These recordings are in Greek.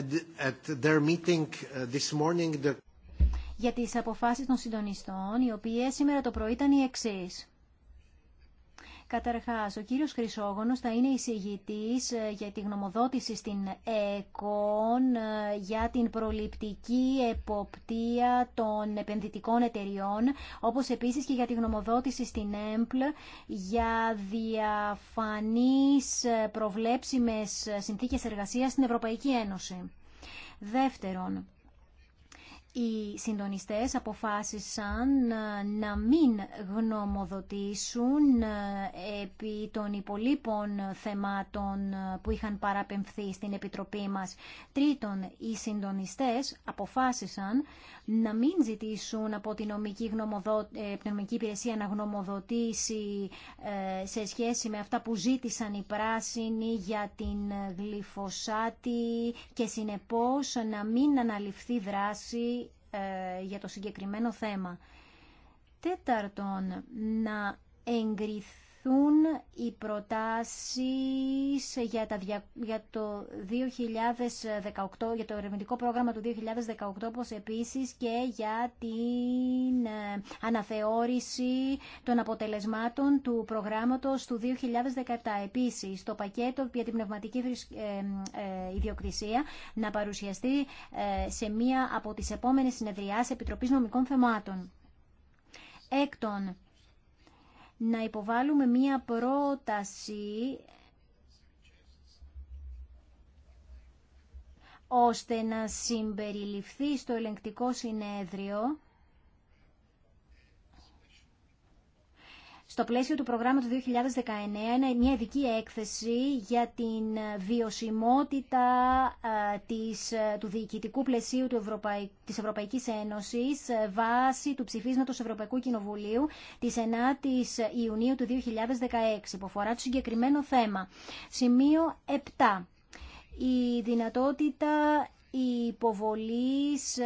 Uh, για τις αποφάσεις των συντονιστών, οι οποίες σήμερα το πρωί ήταν οι εξής. Καταρχάς, ο κύριος Χρυσόγονο θα είναι εισηγητή ε, για τη γνωμοδότηση στην ΕΚΟΝ ε, για την προληπτική εποπτεία των επενδυτικών εταιριών, όπως επίσης και για τη γνωμοδότηση στην ΕΜΠΛ για διαφανείς ε, προβλέψιμε συνθήκε εργασία στην Ευρωπαϊκή Ένωση. Δεύτερον, οι συντονιστές αποφάσισαν ε, να μην γνωμοδοτήσουν ε, επί των υπολείπων θεμάτων ε, που είχαν παραπεμφθεί στην Επιτροπή μας. Τρίτον, οι συντονιστές αποφάσισαν να μην ζητήσουν από την νομική, γνωμοδο... Ε, υπηρεσία να γνωμοδοτήσει ε, σε σχέση με αυτά που ζήτησαν οι πράσινοι για την γλυφοσάτη και συνεπώς να μην αναλυφθεί δράση ε, για το συγκεκριμένο θέμα. Τέταρτον, να εγκριθεί υποβληθούν οι προτάσεις για, τα, για το 2018, για το ερευνητικό πρόγραμμα του 2018, όπως επίσης και για την ε, αναθεώρηση των αποτελεσμάτων του προγράμματος του 2017. Επίσης, το πακέτο για την πνευματική ε, ε, ιδιοκτησία να παρουσιαστεί σε μία από τις επόμενες συνεδριάσεις Επιτροπής Νομικών Θεμάτων. Έκτον, να υποβάλουμε μία πρόταση ώστε να συμπεριληφθεί στο ελεγκτικό συνέδριο στο πλαίσιο του προγράμματος 2019 είναι μια ειδική έκθεση για την βιωσιμότητα ε, της, ε, του διοικητικού πλαισίου του Ευρωπαϊ... της Ευρωπαϊκής Ένωσης ε, βάσει του ψηφίσματος Ευρωπαϊκού Κοινοβουλίου της 9 η Ιουνίου του 2016 που αφορά το συγκεκριμένο θέμα. Σημείο 7. Η δυνατότητα υποβολής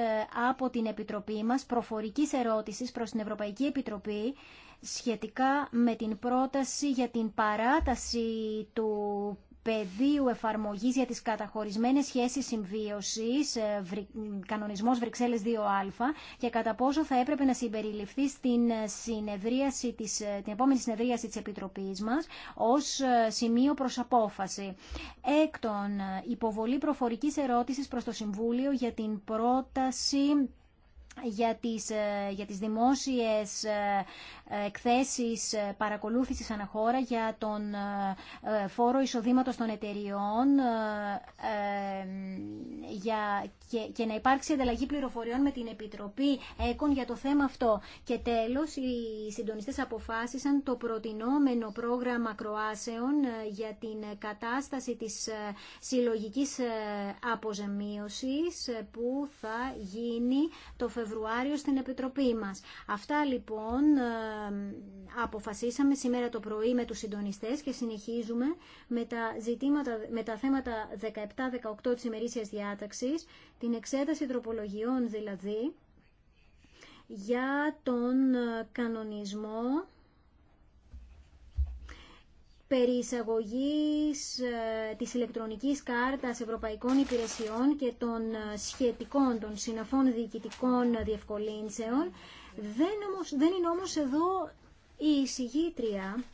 από την Επιτροπή μας προφορικής ερώτησης προς την Ευρωπαϊκή Επιτροπή σχετικά με την πρόταση για την παράταση του πεδίου εφαρμογής για τις καταχωρισμένες σχέσεις συμβίωσης, ε, κανονισμός Βρυξέλλες 2α και κατά πόσο θα έπρεπε να συμπεριληφθεί στην, συνεδρίαση της, ε, την επόμενη συνεδρίαση της Επιτροπής μας ως ε, σημείο προς απόφαση. Έκτον, υποβολή προφορικής ερώτησης προς το Συμβούλιο για την πρόταση για τις, ε, για τις δημόσιες ε, εκθέσεις ε, παρακολούθησης αναχώρα για τον φόρο εισοδήματος των εταιριών για, και, να υπάρξει ανταλλαγή πληροφοριών με την Επιτροπή ΕΚΟΝ για το θέμα αυτό. Και τέλος, οι συντονιστές αποφάσισαν το προτινόμενο πρόγραμμα Κροάσεων για την κατάσταση της συλλογικής αποζημίωσης που θα γίνει το Φεβρουάριο Φεβρουάριο στην Επιτροπή μας. Αυτά λοιπόν ε, αποφασίσαμε σήμερα το πρωί με τους συντονιστές και συνεχίζουμε με τα, ζητήματα, με τα θέματα 17-18 της ημερήσιας διάταξης, την εξέταση τροπολογιών δηλαδή, για τον ε, κανονισμό περί εισαγωγής ε, της ηλεκτρονικής κάρτας ευρωπαϊκών υπηρεσιών και των ε, σχετικών, των συναφών διοικητικών διευκολύνσεων. Δεν, όμως, δεν είναι όμως εδώ η εισηγήτρια.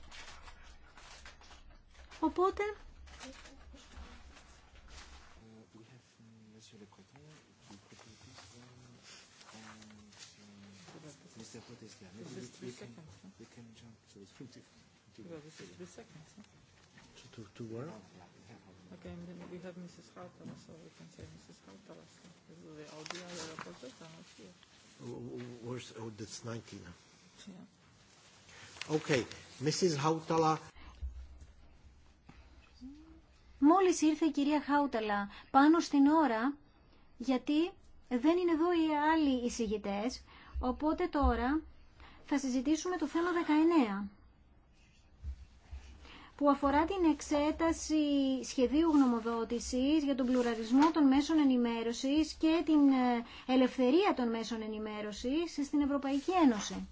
Οπότε Oh, Μόλι ήρθε η κυρία Χάουταλα πάνω στην ώρα, γιατί δεν είναι εδώ οι άλλοι εισηγητές, οπότε τώρα θα συζητήσουμε το θέμα 19 που αφορά την εξέταση σχεδίου γνωμοδότησης για τον πλουραλισμό των μέσων ενημέρωσης και την ε, ελευθερία των μέσων ενημέρωσης στην Ευρωπαϊκή Ένωση.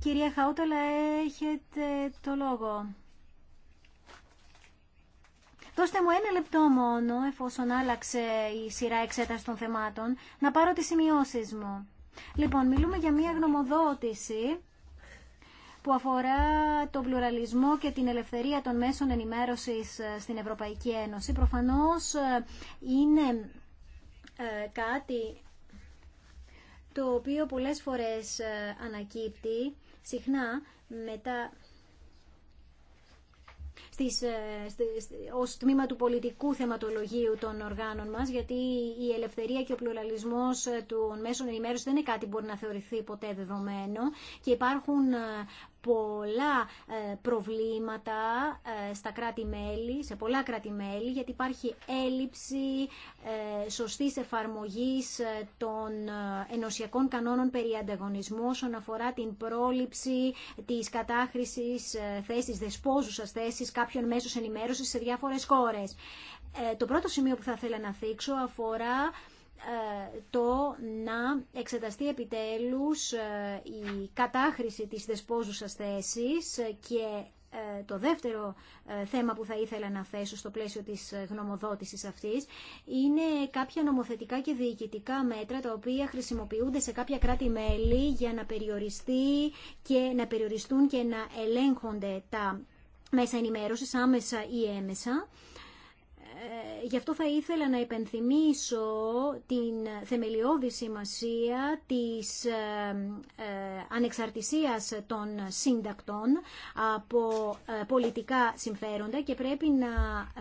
Κυρία Χαούταλα, έχετε το λόγο. Δώστε μου ένα λεπτό μόνο, εφόσον άλλαξε η σειρά εξέταση των θεμάτων, να πάρω τις σημειώσεις μου. Λοιπόν, μιλούμε για μια γνωμοδότηση που αφορά τον πλουραλισμό και την ελευθερία των μέσων ενημέρωσης ε, στην Ευρωπαϊκή Ένωση. Προφανώς ε, είναι ε, κάτι το οποίο πολλές φορές ανακύπτει συχνά μετά στις, ε, ως τμήμα του πολιτικού θεματολογίου των οργάνων μας, γιατί η ελευθερία και ο πλουραλισμός ε, των μέσων ενημέρωση δεν είναι κάτι που μπορεί να θεωρηθεί ποτέ δεδομένο και υπάρχουν ε, πολλά ε, προβλήματα ε, στα κράτη-μέλη, σε πολλά κράτη-μέλη, γιατί υπάρχει έλλειψη ε, σωστής εφαρμογής των ενωσιακών κανόνων περί ανταγωνισμού όσον αφορά την πρόληψη της κατάχρησης θέσης, δεσπόζουσας θέσης κάποιων μέσων ενημέρωσης σε διάφορες χώρες. Το πρώτο σημείο που θα ήθελα να θίξω αφορά ε, το να εξεταστεί επιτέλους ε, η κατάχρηση της δεσπόζουσας θέσης και ε, το δεύτερο θέμα που θα ήθελα να θέσω στο πλαίσιο της γνωμοδότησης αυτής είναι κάποια νομοθετικά και διοικητικά μέτρα τα οποία χρησιμοποιούνται σε κάποια κράτη-μέλη για να, περιοριστεί και, να περιοριστούν και να ελέγχονται τα μέσα ενημέρωσης άμεσα ή έμεσα ε, γι' αυτό θα ήθελα να υπενθυμίσω την θεμελιώδη σημασία της ε, ε, ανεξαρτησίας των σύντακτων από πολιτικά συμφέροντα και πρέπει να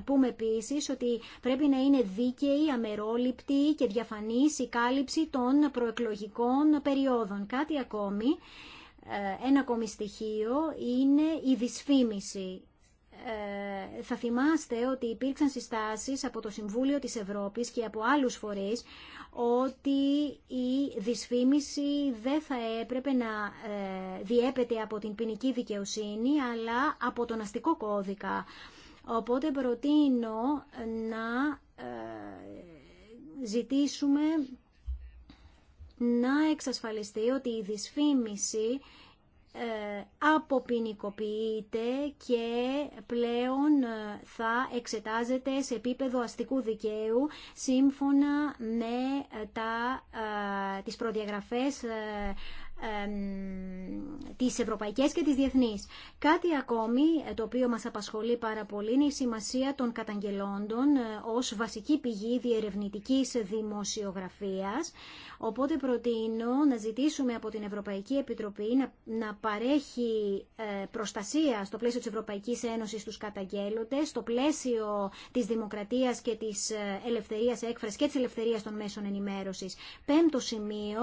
πούμε επίσης ότι πρέπει να είναι δίκαιη, αμερόληπτη και διαφανής η κάλυψη των προεκλογικών περιόδων. Κάτι ακόμη, ένα ακόμη στοιχείο είναι η δυσφήμιση ε, θα θυμάστε ότι υπήρξαν συστάσεις από το Συμβούλιο της Ευρώπης και από άλλους φορείς ότι η δυσφήμιση δεν θα έπρεπε να ε, διέπεται από την ποινική δικαιοσύνη αλλά από τον αστικό κώδικα. Οπότε προτείνω να ε, ζητήσουμε να εξασφαλιστεί ότι η δυσφήμιση ε, αποποινικοποιείται και πλέον ε, θα εξετάζεται σε επίπεδο αστικού δικαίου σύμφωνα με ε, τα, τις προδιαγραφές τις ευρωπαϊκές και τις διεθνείς. Κάτι ακόμη ε, το οποίο μας απασχολεί πάρα πολύ είναι η σημασία των καταγγελόντων ε, ως βασική πηγή διερευνητικής δημοσιογραφίας. Οπότε προτείνω να ζητήσουμε από την Ευρωπαϊκή Επιτροπή να παρέχει ε, προστασία στο πλαίσιο της Ευρωπαϊκής Ένωσης στους καταγγέλλοντες, στο πλαίσιο της δημοκρατίας και της ελευθερίας έκφρασης και της ελευθερίας των μέσων ενημέρωσης. Πέμπτο σημείο,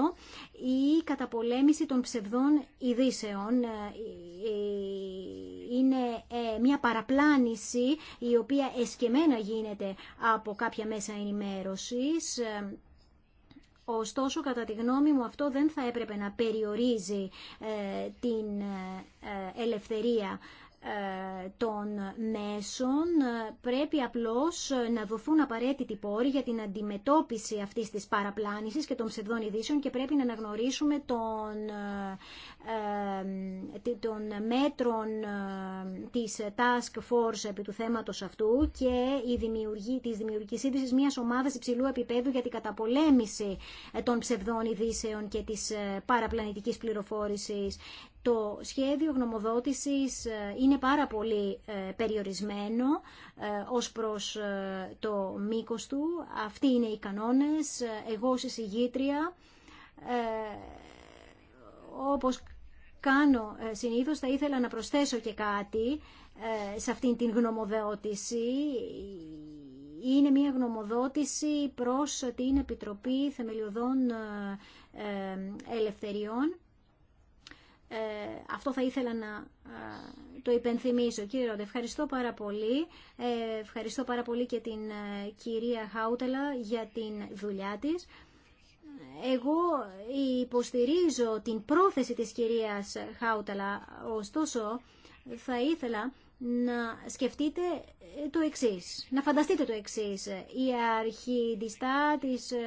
η καταπολέμηση καταπολέμηση των ψευδών ειδήσεων ε, ε, είναι ε, μια παραπλάνηση η οποία εσκεμένα γίνεται από κάποια μέσα ενημέρωσης. Ωστόσο, κατά τη γνώμη μου, αυτό δεν θα έπρεπε να περιορίζει την ελευθερία ε, των μέσων ε, πρέπει απλώς ε, να δοθούν απαραίτητοι πόροι για την αντιμετώπιση αυτής της παραπλάνησης και των ψευδών ειδήσεων και πρέπει να αναγνωρίσουμε των, των μέτρων της Task Force επί του θέματος αυτού και η δημιουργή, της δημιουργικής μιας ομάδας υψηλού επίπεδου για την καταπολέμηση των ψευδών ειδήσεων και της παραπλανητικής πληροφόρησης το σχέδιο γνωμοδότησης ε, είναι πάρα πολύ ε, περιορισμένο ε, ως προς το μήκος του. Αυτοί είναι οι κανόνες. Εγώ ως εισηγήτρια, όπως κάνω συνήθως, θα ήθελα να προσθέσω και κάτι σε αυτήν την γνωμοδότηση. Είναι μια γνωμοδότηση προς την Επιτροπή Θεμελιωδών Ελευθεριών ε, αυτό θα ήθελα να ε, το υπενθυμίσω. Κύριε Ρόντε, ευχαριστώ πάρα πολύ. Ε, ευχαριστώ πάρα πολύ και την κυρία Χάουτελα για την δουλειά της. Εγώ υποστηρίζω την πρόθεση της κυρίας Χάουτελα, ωστόσο θα ήθελα να σκεφτείτε ε, το εξής, να φανταστείτε το εξής. Ε, οι αρχιδιστά, τις, ε,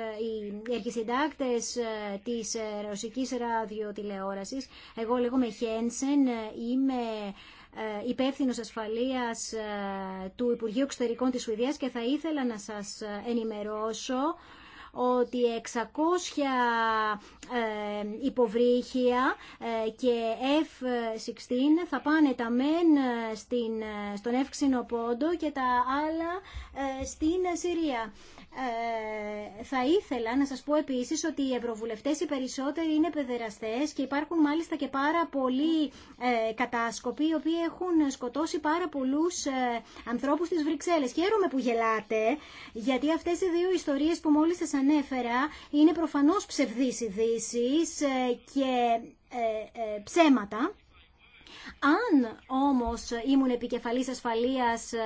οι αρχισυντάκτες της ρωσικής ραδιοτηλεόρασης, εγώ λέγομαι Χένσεν, είμαι υπεύθυνο ασφαλείας του Υπουργείου Εξωτερικών της Σουηδίας και θα ήθελα να σας ενημερώσω ότι 600 ε, υποβρύχια ε, και F-16 θα πάνε τα μεν ε, στην, στον εύξηνο πόντο και τα άλλα στην Συρία. θα ήθελα να σας πω επίσης ότι οι ευρωβουλευτές οι περισσότεροι είναι παιδεραστές και υπάρχουν μάλιστα και πάρα πολλοί κατάσκοποι οι οποίοι έχουν σκοτώσει πάρα πολλούς ανθρώπους στις Βρυξέλλες. Χαίρομαι που γελάτε γιατί αυτές οι δύο ιστορίες που μόλις σας είναι προφανώς ψευδείς ειδήσει ε, και ε, ε, ψέματα αν όμως ήμουν επικεφαλής ασφαλείας ε,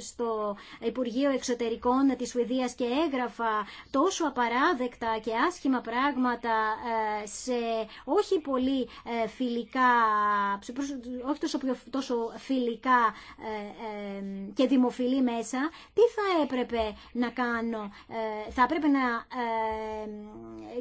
στο Υπουργείο Εξωτερικών της Σουηδία και έγραφα τόσο απαράδεκτα και άσχημα πράγματα ε, σε όχι πολύ ε, φιλικά, όχι τόσο, τόσο φιλικά και δημοφιλή μέσα, τι θα έπρεπε να κάνω, θα έπρεπε να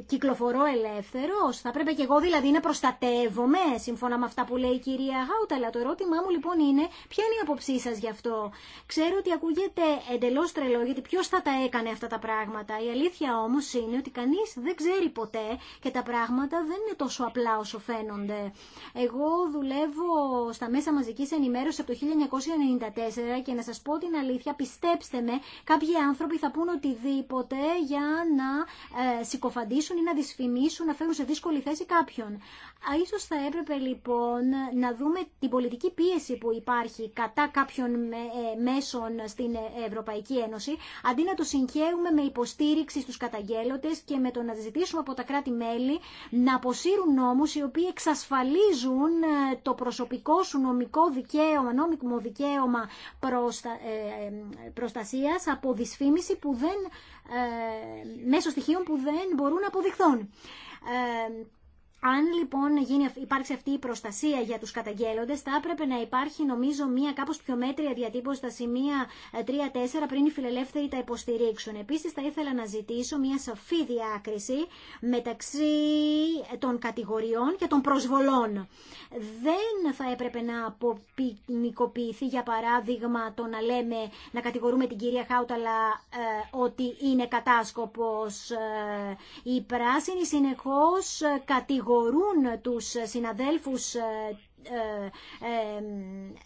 κυκλοφορώ ελεύθερος, θα έπρεπε και εγώ δηλαδή να προστατεύομαι σύμφωνα με αυτά που λέει η κυρία αλλά Το ερώτημά μου λοιπόν είναι ποια είναι η αποψή σα γι' αυτό. Ξέρω ότι ακούγεται εντελώ τρελό γιατί ποιο θα τα έκανε αυτά τα πράγματα. Η αλήθεια όμω είναι ότι κανεί δεν ξέρει ποτέ και τα πράγματα δεν είναι τόσο απλά όσο φαίνονται. Εγώ δουλεύω στα μέσα μαζική ενημέρωση από το 1994 και να σα πω την αλήθεια, πιστέψτε με, κάποιοι άνθρωποι θα πούν οτιδήποτε για να ε, συκοφαντήσουν ή να δυσφημίσουν, να φέρουν σε δύσκολη θέση κάποιον. Ίσως θα έπρεπε λοιπόν να δούμε δούμε την πολιτική πίεση που υπάρχει κατά κάποιων ε, μέσων στην ε, Ευρωπαϊκή Ένωση, αντί να το συγχαίουμε με υποστήριξη στους καταγγέλλοντες και με το να ζητήσουμε από τα κράτη-μέλη να αποσύρουν νόμους οι οποίοι εξασφαλίζουν ε, το προσωπικό σου νομικό δικαίωμα, νόμικο δικαίωμα προστα... προστασίας από δυσφήμιση που δεν, μέσω στοιχείων που δεν μπορούν να αποδειχθούν. Αν λοιπόν γίνει, υπάρξει αυτή η προστασία για τους καταγγέλλοντες, θα έπρεπε να υπάρχει νομίζω μία κάπως πιο μέτρια διατύπωση στα σημεία 3-4 ε, πριν οι φιλελεύθεροι τα υποστηρίξουν. Επίσης θα ήθελα να ζητήσω μία σαφή διάκριση μεταξύ ε, των κατηγοριών και των προσβολών. Δεν θα έπρεπε να αποποινικοποιηθεί για παράδειγμα το να λέμε, να κατηγορούμε την κυρία Χάουταλα ε, ότι είναι κατάσκοπος. Ε, πράσινη συνεχώ συνεχώς ε, κατηγορούν τους συναδέλφους ε, ε, ε,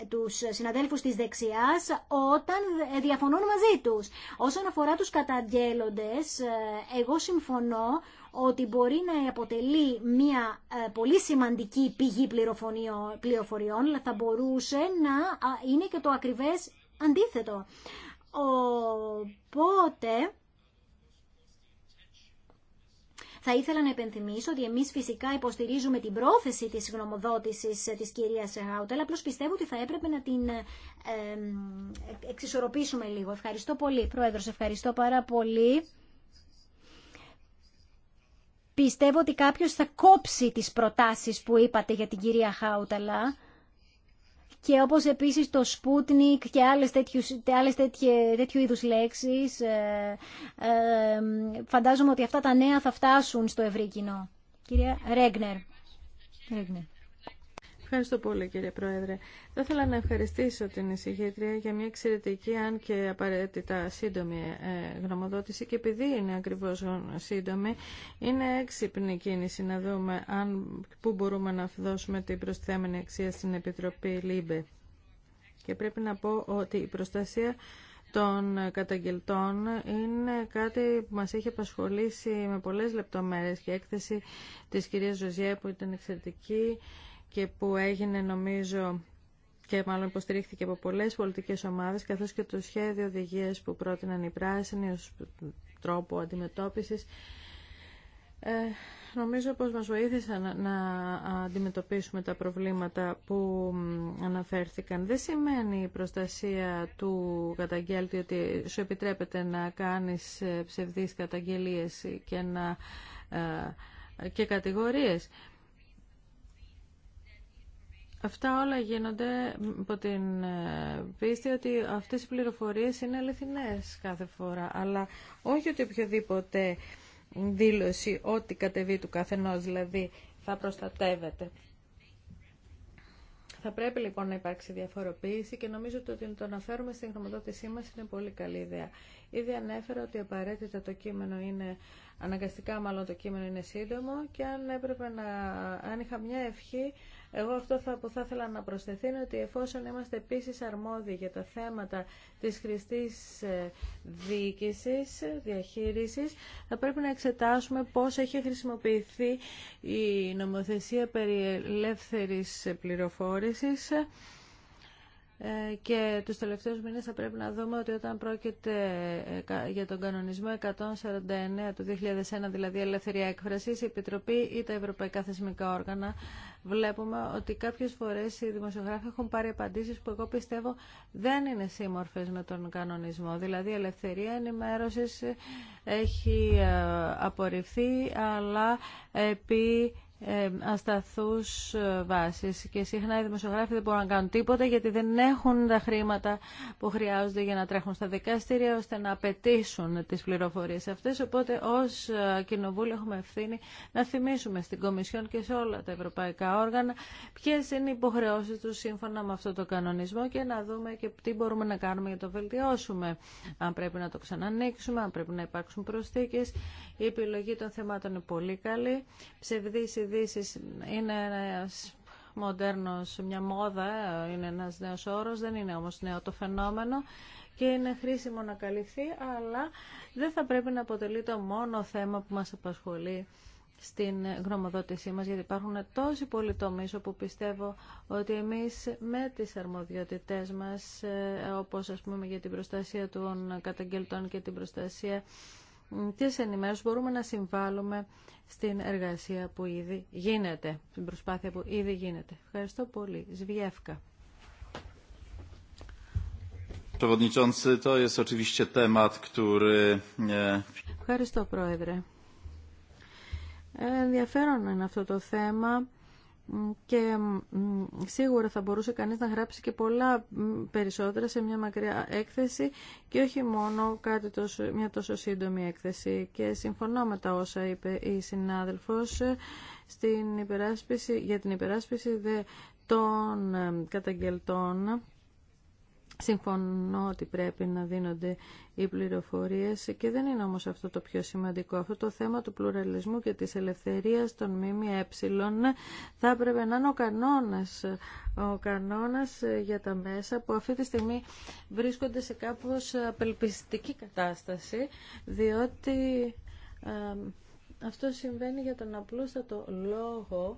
τους συναδέλφους της δεξιάς όταν διαφωνούν μαζί τους. Όσον αφορά τους καταγγέλλοντες, εγώ συμφωνώ ότι μπορεί να αποτελεί μια πολύ σημαντική πηγή πληροφοριών, αλλά θα μπορούσε να είναι και το ακριβές αντίθετο. Οπότε... Θα ήθελα να επενθυμίσω ότι εμείς φυσικά υποστηρίζουμε την πρόθεση της γνωμοδότησης ε, της κυρίας Χάουτελ, απλώ πιστεύω ότι θα έπρεπε να την εξισορροπήσουμε λίγο. Ευχαριστώ πολύ. Πρόεδρο, ευχαριστώ πάρα πολύ. Πιστεύω ότι κάποιος θα κόψει τις προτάσεις που είπατε για την κυρία Χάουταλα και όπως επίσης το Sputnik και άλλες, τέτοιους, άλλες τέτοιε, τέτοιου είδους λέξεις. Ε, ε, φαντάζομαι ότι αυτά τα νέα θα φτάσουν στο ευρύ κοινό. Κυρία Ρέγνερ. Ρέγνερ. Ευχαριστώ πολύ κύριε Πρόεδρε. Θα ήθελα να ευχαριστήσω την εισηγήτρια για μια εξαιρετική αν και απαραίτητα σύντομη ε, γνωμοδότηση και επειδή είναι ακριβώς σύντομη είναι έξυπνη κίνηση να δούμε αν, πού μπορούμε να δώσουμε την προσθέμενη αξία στην Επιτροπή ΛΥΜΠΕ. Και πρέπει να πω ότι η προστασία των καταγγελτών είναι κάτι που μας έχει απασχολήσει με πολλές λεπτομέρειες και έκθεση της κυρίας Ζωζιέ που ήταν εξαιρετική και που έγινε νομίζω και μάλλον υποστηρίχθηκε από πολλές πολιτικές ομάδες καθώς και το σχέδιο οδηγίες που πρότειναν οι πράσινοι ως τρόπο αντιμετώπισης ε, νομίζω πως μας βοήθησαν να αντιμετωπίσουμε τα προβλήματα που αναφέρθηκαν. Δεν σημαίνει η προστασία του καταγγέλτη ότι σου επιτρέπεται να κάνεις ε, ψευδείς καταγγελίες και, να, ε, και κατηγορίες. Αυτά όλα γίνονται υπό την ε, πίστη ότι αυτές οι πληροφορίες είναι αληθινές κάθε φορά, αλλά όχι ότι οποιοδήποτε δήλωση ό,τι κατεβεί του καθενός δηλαδή θα προστατεύεται. Θα πρέπει λοιπόν να υπάρξει διαφοροποίηση και νομίζω ότι το να φέρουμε στην χρηματοδότησή μας είναι πολύ καλή ιδέα. Ήδη ανέφερα ότι απαραίτητα το κείμενο είναι, αναγκαστικά μάλλον το κείμενο είναι σύντομο και αν έπρεπε να, αν είχα μια ευχή εγώ αυτό θα, που θα ήθελα να προσθεθεί είναι ότι εφόσον είμαστε επίσης αρμόδιοι για τα θέματα της χρηστής ε, διοίκησης, διαχείρισης, θα πρέπει να εξετάσουμε πώς έχει χρησιμοποιηθεί η νομοθεσία περί ελεύθερης πληροφόρησης ε, και τους τελευταίους μήνες θα πρέπει να δούμε ότι όταν πρόκειται ε, για τον κανονισμό 149 του 2001, δηλαδή ελεύθερη έκφραση, η Επιτροπή ή τα ευρωπαϊκά θεσμικά όργανα βλέπουμε ότι κάποιες φορές οι δημοσιογράφοι έχουν πάρει απαντήσεις που εγώ πιστεύω δεν είναι σύμμορφες με τον κανονισμό. Δηλαδή η ελευθερία ενημέρωσης έχει ε, απορριφθεί αλλά επί ε, ασταθούς ε, βάσεις και συχνά οι δημοσιογράφοι δεν μπορούν να κάνουν τίποτα γιατί δεν έχουν τα χρήματα που χρειάζονται για να τρέχουν στα δικαστήρια ώστε να απαιτήσουν τις πληροφορίες αυτές οπότε ως ε, κοινοβούλιο έχουμε ευθύνη να θυμίσουμε στην Κομισιόν και σε όλα τα ευρωπαϊκά όργανα Ποιε είναι οι υποχρεώσεις τους σύμφωνα με αυτό το κανονισμό και να δούμε και τι μπορούμε να κάνουμε για το βελτιώσουμε αν πρέπει να το ξανανοίξουμε, αν πρέπει να υπάρξουν προσθήκες η επιλογή των θεμάτων είναι πολύ καλή ψευδής είναι ένα μοντέρνος, μια μόδα, είναι ένα νέο όρο, δεν είναι όμως νέο το φαινόμενο και είναι χρήσιμο να καλυφθεί, αλλά δεν θα πρέπει να αποτελεί το μόνο θέμα που μας απασχολεί στην γνωμοδότησή μας, γιατί υπάρχουν τόσοι πολλοί τομείς όπου πιστεύω ότι εμείς με τις αρμοδιότητές μας, ε, όπως ας πούμε για την προστασία των καταγγελτών και την προστασία Τις ενημέρωσης μπορούμε να συμβάλλουμε στην εργασία που ήδη γίνεται, στην προσπάθεια που ήδη γίνεται. Ευχαριστώ πολύ. Σβιεύκα. E, Ευχαριστώ, Πρόεδρε. Ε, ενδιαφέρον είναι αυτό το θέμα και σίγουρα θα μπορούσε κανείς να γράψει και πολλά περισσότερα σε μια μακριά έκθεση και όχι μόνο κάτι τόσο, μια τόσο σύντομη έκθεση και συμφωνώ με τα όσα είπε η συνάδελφος στην υπεράσπιση, για την υπεράσπιση δε των ε, καταγγελτών Συμφωνώ ότι πρέπει να δίνονται οι πληροφορίες και δεν είναι όμως αυτό το πιο σημαντικό. Αυτό το θέμα του πλουραλισμού και της ελευθερίας των ΜΜΕ θα έπρεπε να είναι ο κανόνας, ο κανόνας για τα μέσα που αυτή τη στιγμή βρίσκονται σε κάπως απελπιστική κατάσταση διότι ε, αυτό συμβαίνει για τον απλούστατο λόγο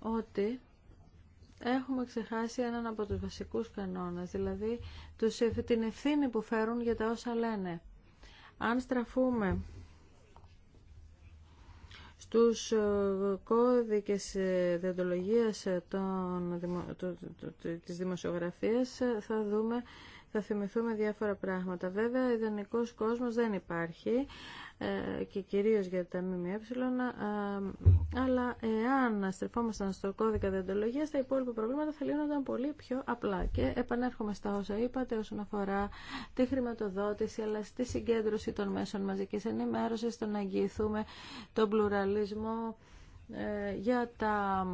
ότι έχουμε ξεχάσει έναν από τους βασικούς κανόνες, δηλαδή τους, την ευθύνη που φέρουν για τα όσα λένε. Αν στραφούμε στους ε, κώδικες ε, διοντολογίας ε, των, της δημοσιογραφίας θα δούμε θα θυμηθούμε διάφορα πράγματα. Βέβαια, ιδανικός κόσμος δεν υπάρχει, ε, και κυρίως για τα ΜΜΕ, ε, αλλά εάν στρεφόμασταν στο κώδικα διοντολογίας, τα υπόλοιπα προβλήματα θα λύνονταν πολύ πιο απλά. Και επανέρχομαι στα όσα είπατε όσον αφορά τη χρηματοδότηση, αλλά στη συγκέντρωση των μέσων μαζικής ενημέρωσης, στο να αγγιηθούμε τον πλουραλισμό, ε, για τα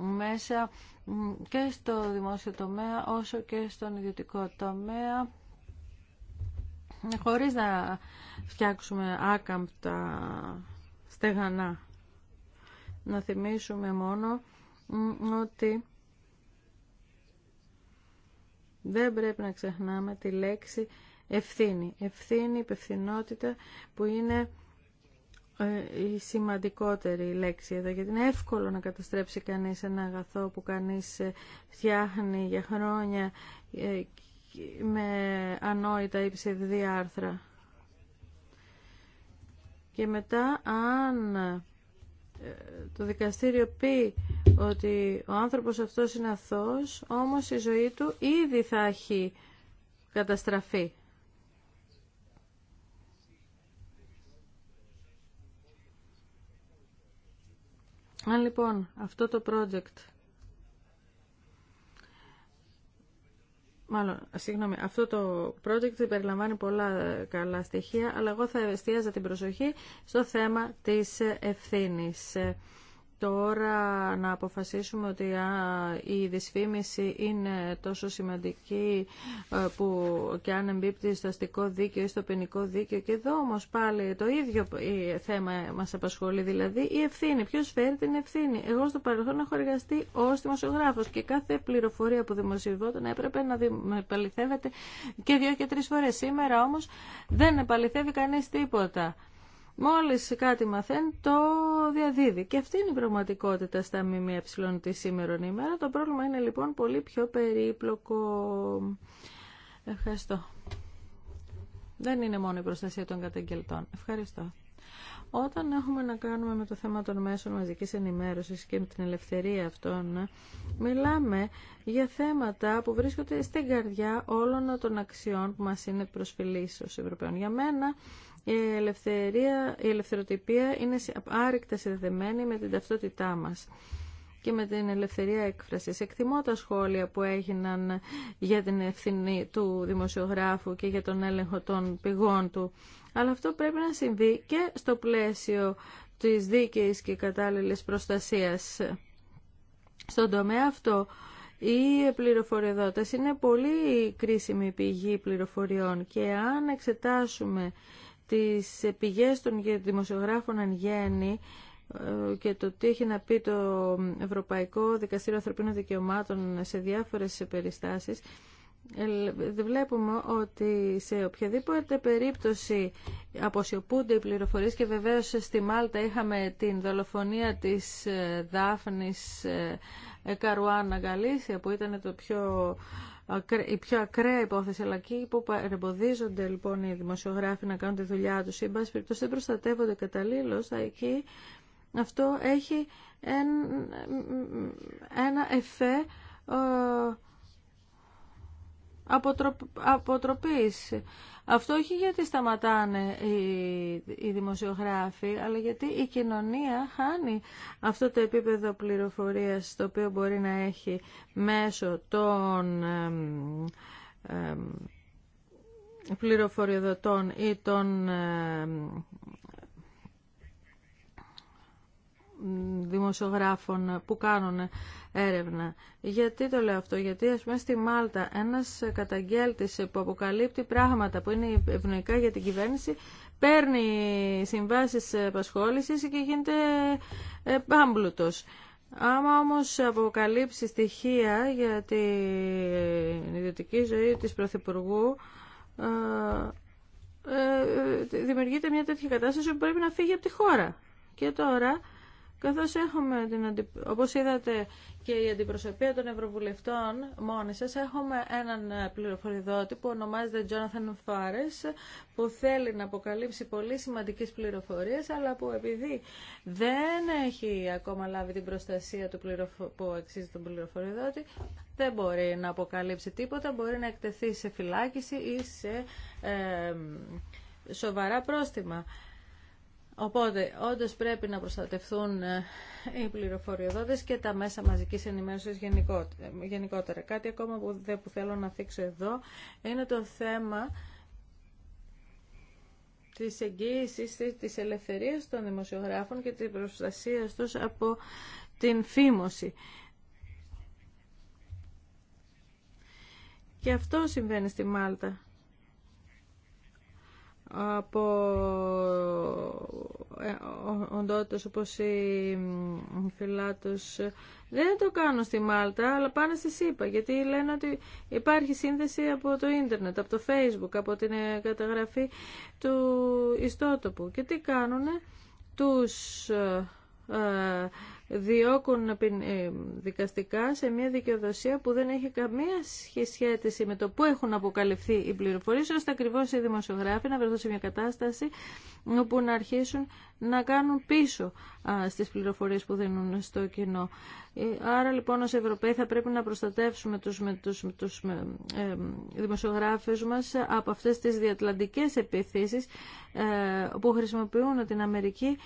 μέσα και στο δημόσιο τομέα όσο και στον ιδιωτικό τομέα χωρίς να φτιάξουμε άκαμπτα στεγανά. Να θυμίσουμε μόνο ότι δεν πρέπει να ξεχνάμε τη λέξη ευθύνη. Ευθύνη, υπευθυνότητα που είναι ε, η σημαντικότερη λέξη εδώ γιατί είναι εύκολο να καταστρέψει κανείς ένα αγαθό που κανείς ε, φτιάχνει για χρόνια ε, με ανόητα ή ψευδή άρθρα. Και μετά αν ε, το δικαστήριο πει ότι ο άνθρωπος αυτός είναι αθώος, όμως η ζωή του ήδη θα έχει καταστραφεί. Αν λοιπόν αυτό το project Μάλλον, συγγνώμη, αυτό το project περιλαμβάνει πολλά καλά στοιχεία, αλλά εγώ θα εστίαζα την προσοχή στο θέμα της ευθύνης τώρα να αποφασίσουμε ότι η δυσφήμιση είναι τόσο σημαντική ε, που και αν εμπίπτει στο αστικό δίκαιο ή στο ποινικό δίκαιο και εδώ όμως πάλι το ίδιο ε, θέμα μας απασχολεί δηλαδή η ευθύνη, ποιος φέρει την ευθύνη εγώ στο παρελθόν έχω εργαστεί ως δημοσιογράφος και κάθε πληροφορία που δημοσιευόταν έπρεπε να επαληθεύεται και δύο και τρεις φορές σήμερα όμως δεν επαληθεύει κανείς τίποτα Μόλις κάτι μαθαίνει το διαδίδει. Και αυτή είναι η πραγματικότητα στα ΜΜΕ τη σήμερα ημέρα. Το πρόβλημα είναι λοιπόν πολύ πιο περίπλοκο. Ευχαριστώ. Δεν είναι μόνο η προστασία των καταγγελτών. Ευχαριστώ. Όταν έχουμε να κάνουμε με το θέμα των μέσων μαζικής ενημέρωσης και με την ελευθερία αυτών, μιλάμε για θέματα που βρίσκονται στην καρδιά όλων των αξιών που μας είναι προσφυλής ως Ευρωπαίων. Για μένα η, ελευθερία, η ελευθεροτυπία είναι άρρηκτα συνδεδεμένη με την ταυτότητά μας και με την ελευθερία έκφρασης. Εκτιμώ τα σχόλια που έγιναν για την ευθύνη του δημοσιογράφου και για τον έλεγχο των πηγών του. Αλλά αυτό πρέπει να συμβεί και στο πλαίσιο της δίκαιης και κατάλληλης προστασίας. Στον τομέα αυτό, οι πληροφοριοδότες είναι πολύ κρίσιμη πηγή πληροφοριών και αν εξετάσουμε τις πηγές των δημοσιογράφων εν γέννη ε, και το τι έχει να πει το Ευρωπαϊκό Δικαστήριο Ανθρωπίνων Δικαιωμάτων σε διάφορες περιστάσεις, ε, βλέπουμε ότι σε οποιαδήποτε περίπτωση αποσιωπούνται οι πληροφορίες και βεβαίως στη Μάλτα είχαμε την δολοφονία της ε, Δάφνης Καρουάνα Γαλίσια που ήταν το πιο η πιο ακραία υπόθεση, αλλά εκεί που εμποδίζονται λοιπόν οι δημοσιογράφοι να κάνουν τη δουλειά τους ή μπας περιπτώσει δεν προστατεύονται καταλήλως, εκεί αυτό έχει ένα εφέ ε, αποτροπ, Αυτό όχι γιατί σταματάνε οι, δημοσιογράφοι, αλλά γιατί η κοινωνία χάνει αυτό το επίπεδο πληροφορίας το οποίο μπορεί να έχει μέσω των πληροφοριοδοτών ή των δημοσιογράφων που κάνουν έρευνα. Γιατί το λέω αυτό, γιατί ας πούμε στη Μάλτα ένας καταγγέλτης που αποκαλύπτει πράγματα που είναι ευνοϊκά για την κυβέρνηση παίρνει συμβάσεις απασχόλησης και γίνεται ε, πάμπλουτος. Άμα όμως αποκαλύψει στοιχεία για την ιδιωτική ζωή της Πρωθυπουργού, ε, ε, δημιουργείται μια τέτοια κατάσταση που πρέπει να φύγει από τη χώρα. Και τώρα Καθώς έχουμε, την όπως είδατε και η αντιπροσωπεία των Ευρωβουλευτών μόνοι σας, έχουμε έναν ε, πληροφοριδότη που ονομάζεται Jonathan Fares, που θέλει να αποκαλύψει πολύ σημαντικές πληροφορίες, αλλά που επειδή δεν έχει ακόμα λάβει την προστασία του που αξίζει τον πληροφοριδότη, δεν μπορεί να αποκαλύψει τίποτα, μπορεί να εκτεθεί σε φυλάκιση ή σε ε, σοβαρά πρόστιμα. Οπότε, όντως πρέπει να προστατευτούν ε, οι πληροφοριοδότες και τα μέσα μαζικής ενημέρωσης γενικότερα. Κάτι ακόμα που, δεν, που θέλω να θίξω εδώ είναι το θέμα της εγγύησης της ελευθερίας των δημοσιογράφων και της προστασίας τους από την φήμωση. Και αυτό συμβαίνει στη Μάλτα από ε, οντότητε όπω η φυλάτο. δεν το κάνω στη Μάλτα αλλά πάνε στη ΣΥΠΑ γιατί λένε ότι υπάρχει σύνδεση από το ίντερνετ, από το facebook, από την ε, καταγραφή του ιστότοπου και τι κάνουνε τους ε, διώκουν ε, δικαστικά σε μια δικαιοδοσία που δεν έχει καμία σχέση με το πού έχουν αποκαλυφθεί οι πληροφορίες, ώστε ακριβώς οι δημοσιογράφοι να βρεθούν σε μια κατάσταση όπου να αρχίσουν να κάνουν πίσω στις πληροφορίες που δίνουν στο κοινό. Ε, άρα λοιπόν ως Ευρωπαίοι θα πρέπει να προστατεύσουμε τους, με, τους, με, τους με, ε, δημοσιογράφους μας από αυτές τις διατλαντικές επιθέσεις ε, που χρησιμοποιούν την Αμερική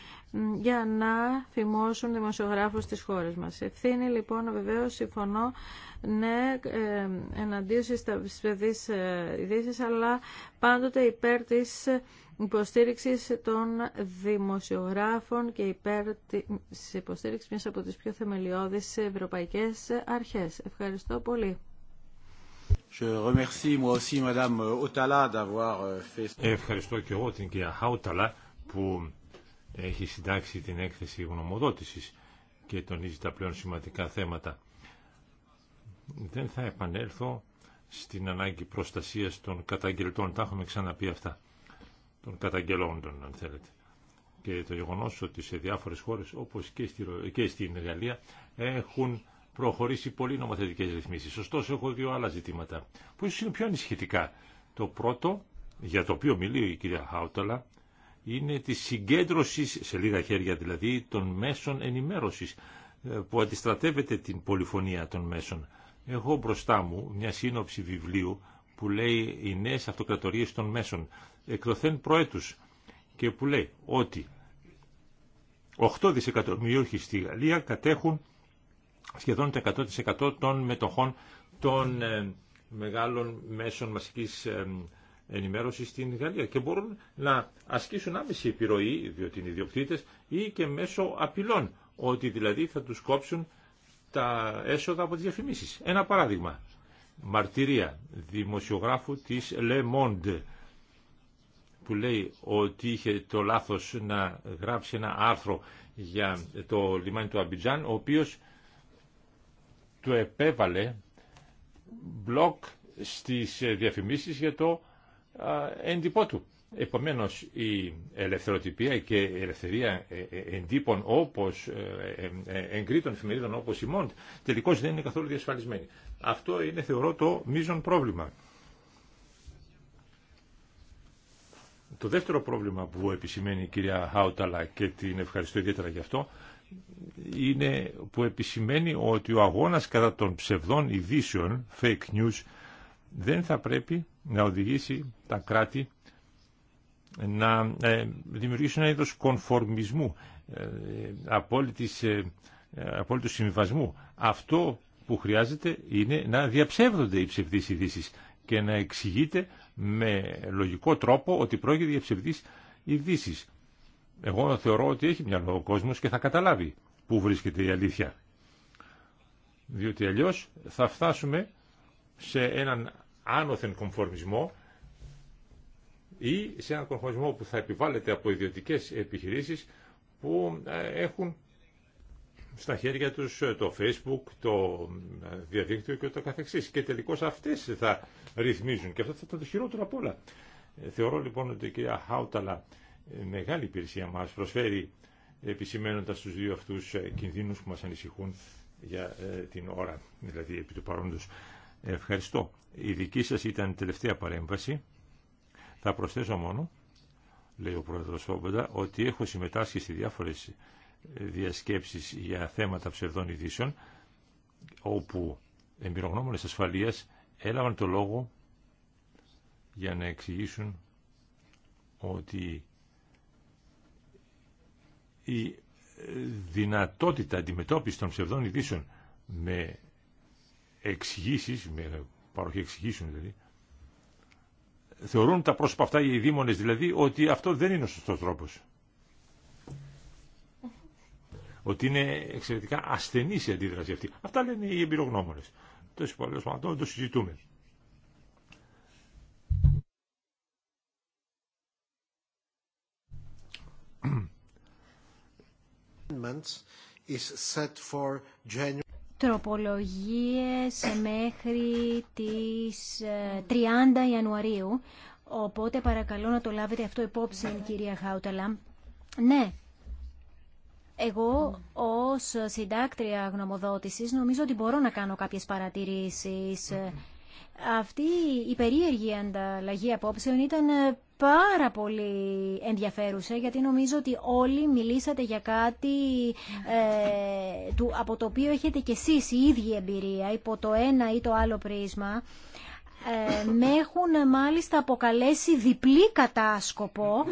για να φημώσουν δημοσιογράφους στις χώρες μας. Ευθύνη λοιπόν βεβαίως συμφωνώ ναι, ε, εναντίον στις παιδείς ε, ειδήσει, αλλά πάντοτε υπέρ της υποστήριξης των δημοσιογράφων και υπέρ της υποστήριξης μιας από τις πιο θεμελιώδεις ευρωπαϊκές αρχές. Ευχαριστώ πολύ. Euh, Ευχαριστώ και εγώ την κυρία Χάουταλα που έχει συντάξει την έκθεση γνωμοδότησης και τονίζει τα πλέον σημαντικά θέματα. Δεν θα επανέλθω στην ανάγκη προστασίας των καταγγελτών. Τα έχουμε ξαναπεί αυτά. Των καταγγελόντων, αν θέλετε. Και το γεγονό ότι σε διάφορες χώρες, όπως και, στη, και στην Γαλλία, έχουν προχωρήσει πολύ νομοθετικές ρυθμίσεις. Ωστόσο, έχω δύο άλλα ζητήματα, που ίσως είναι πιο ανησυχητικά. Το πρώτο, για το οποίο μιλεί η κυρία Χάουταλα, είναι τη συγκέντρωση, σε λίγα χέρια δηλαδή, των μέσων ενημέρωσης, ε, που αντιστρατεύεται την πολυφωνία των μέσων έχω μπροστά μου μια σύνοψη βιβλίου που λέει «Οι νέες αυτοκρατορίες των μέσων» εκδοθέν προέτους και που λέει ότι 8 δισεκατομμυρίουχοι στη Γαλλία κατέχουν σχεδόν το 100% των μετοχών των ε, μεγάλων μέσων μασικής ε, ενημέρωση στην Γαλλία και μπορούν να ασκήσουν άμεση επιρροή, διότι είναι ιδιοκτήτες ή και μέσω απειλών, ότι δηλαδή θα τους κόψουν τα έσοδα από τις διαφημίσεις. Ένα παράδειγμα. Μαρτυρία δημοσιογράφου της Le Monde που λέει ότι είχε το λάθος να γράψει ένα άρθρο για το λιμάνι του Αμπιτζάν ο οποίος του επέβαλε μπλοκ στις διαφημίσεις για το έντυπό του. Επομένως η ελευθεροτυπία και η ελευθερία ε, ε, εντύπων όπως ε, εγκρήτων εφημερίδων όπως η Μοντ τελικώς δεν είναι καθόλου διασφαλισμένη. Αυτό είναι θεωρώ το μείζον πρόβλημα. Το δεύτερο πρόβλημα που επισημαίνει η κυρία Χάουταλα και την ευχαριστώ ιδιαίτερα γι' αυτό είναι που επισημαίνει ότι ο αγώνας κατά των ψευδών ειδήσεων, fake news, δεν θα πρέπει να οδηγήσει τα κράτη να ε, δημιουργήσουν ένα είδος κονφορμισμού, ε, απόλυτης, ε, απόλυτου συμβιβασμού. Αυτό που χρειάζεται είναι να διαψεύδονται οι ψευδείς ειδήσει και να εξηγείται με λογικό τρόπο ότι πρόκειται για ψευδείς ειδήσει. Εγώ θεωρώ ότι έχει μυαλό ο κόσμος και θα καταλάβει πού βρίσκεται η αλήθεια. Διότι αλλιώς θα φτάσουμε σε έναν άνωθεν κομφορμισμό ή σε έναν που θα επιβάλλεται από ιδιωτικές επιχειρήσεις που ε, έχουν στα χέρια τους ε, το facebook, το ε, διαδίκτυο και το καθεξής. Και τελικώς αυτές θα ρυθμίζουν και αυτό θα ήταν το χειρότερο απ' όλα. Θεωρώ λοιπόν ότι η κυρία Χάουταλα μεγάλη υπηρεσία μας προσφέρει επισημένοντας τους δύο αυτούς κινδύνους που μας ανησυχούν για την ώρα, δηλαδή επί του παρόντος. Ευχαριστώ. Η δική σας ήταν η τελευταία παρέμβαση. Θα προσθέσω μόνο, λέει ο πρόεδρος ότι έχω συμμετάσχει σε διάφορες ε, διασκέψεις για θέματα ψευδών ειδήσεων, όπου εμπειρογνώμονες ασφαλείας έλαβαν το λόγο για να εξηγήσουν ότι η δυνατότητα αντιμετώπισης των ψευδών ειδήσεων με εξηγήσεις, με παροχή εξηγήσεων δηλαδή, θεωρούν τα πρόσωπα αυτά οι δήμονες δηλαδή ότι αυτό δεν είναι ο σωστός τρόπος. Ότι είναι εξαιρετικά ασθενη η αντίδραση αυτή. Αυτά λένε οι εμπειρογνώμονες. Τόσο πολλές πάντων το συζητούμε. Is set τροπολογίες μέχρι τις 30 ε, Ιανουαρίου. Οπότε παρακαλώ να το λάβετε αυτό υπόψη, κυρία Χάουταλα. Ναι, εγώ ως συντάκτρια γνωμοδότησης νομίζω ότι μπορώ να κάνω κάποιες παρατηρήσεις. Αυτή η περίεργη ανταλλαγή απόψεων ήταν ε, πάρα πολύ ενδιαφέρουσα γιατί νομίζω ότι όλοι μιλήσατε για κάτι ε, του, από το οποίο έχετε κι εσείς η ίδια εμπειρία υπό το ένα ή το άλλο πρίσμα ε, με έχουν ε, μάλιστα αποκαλέσει διπλή κατάσκοπο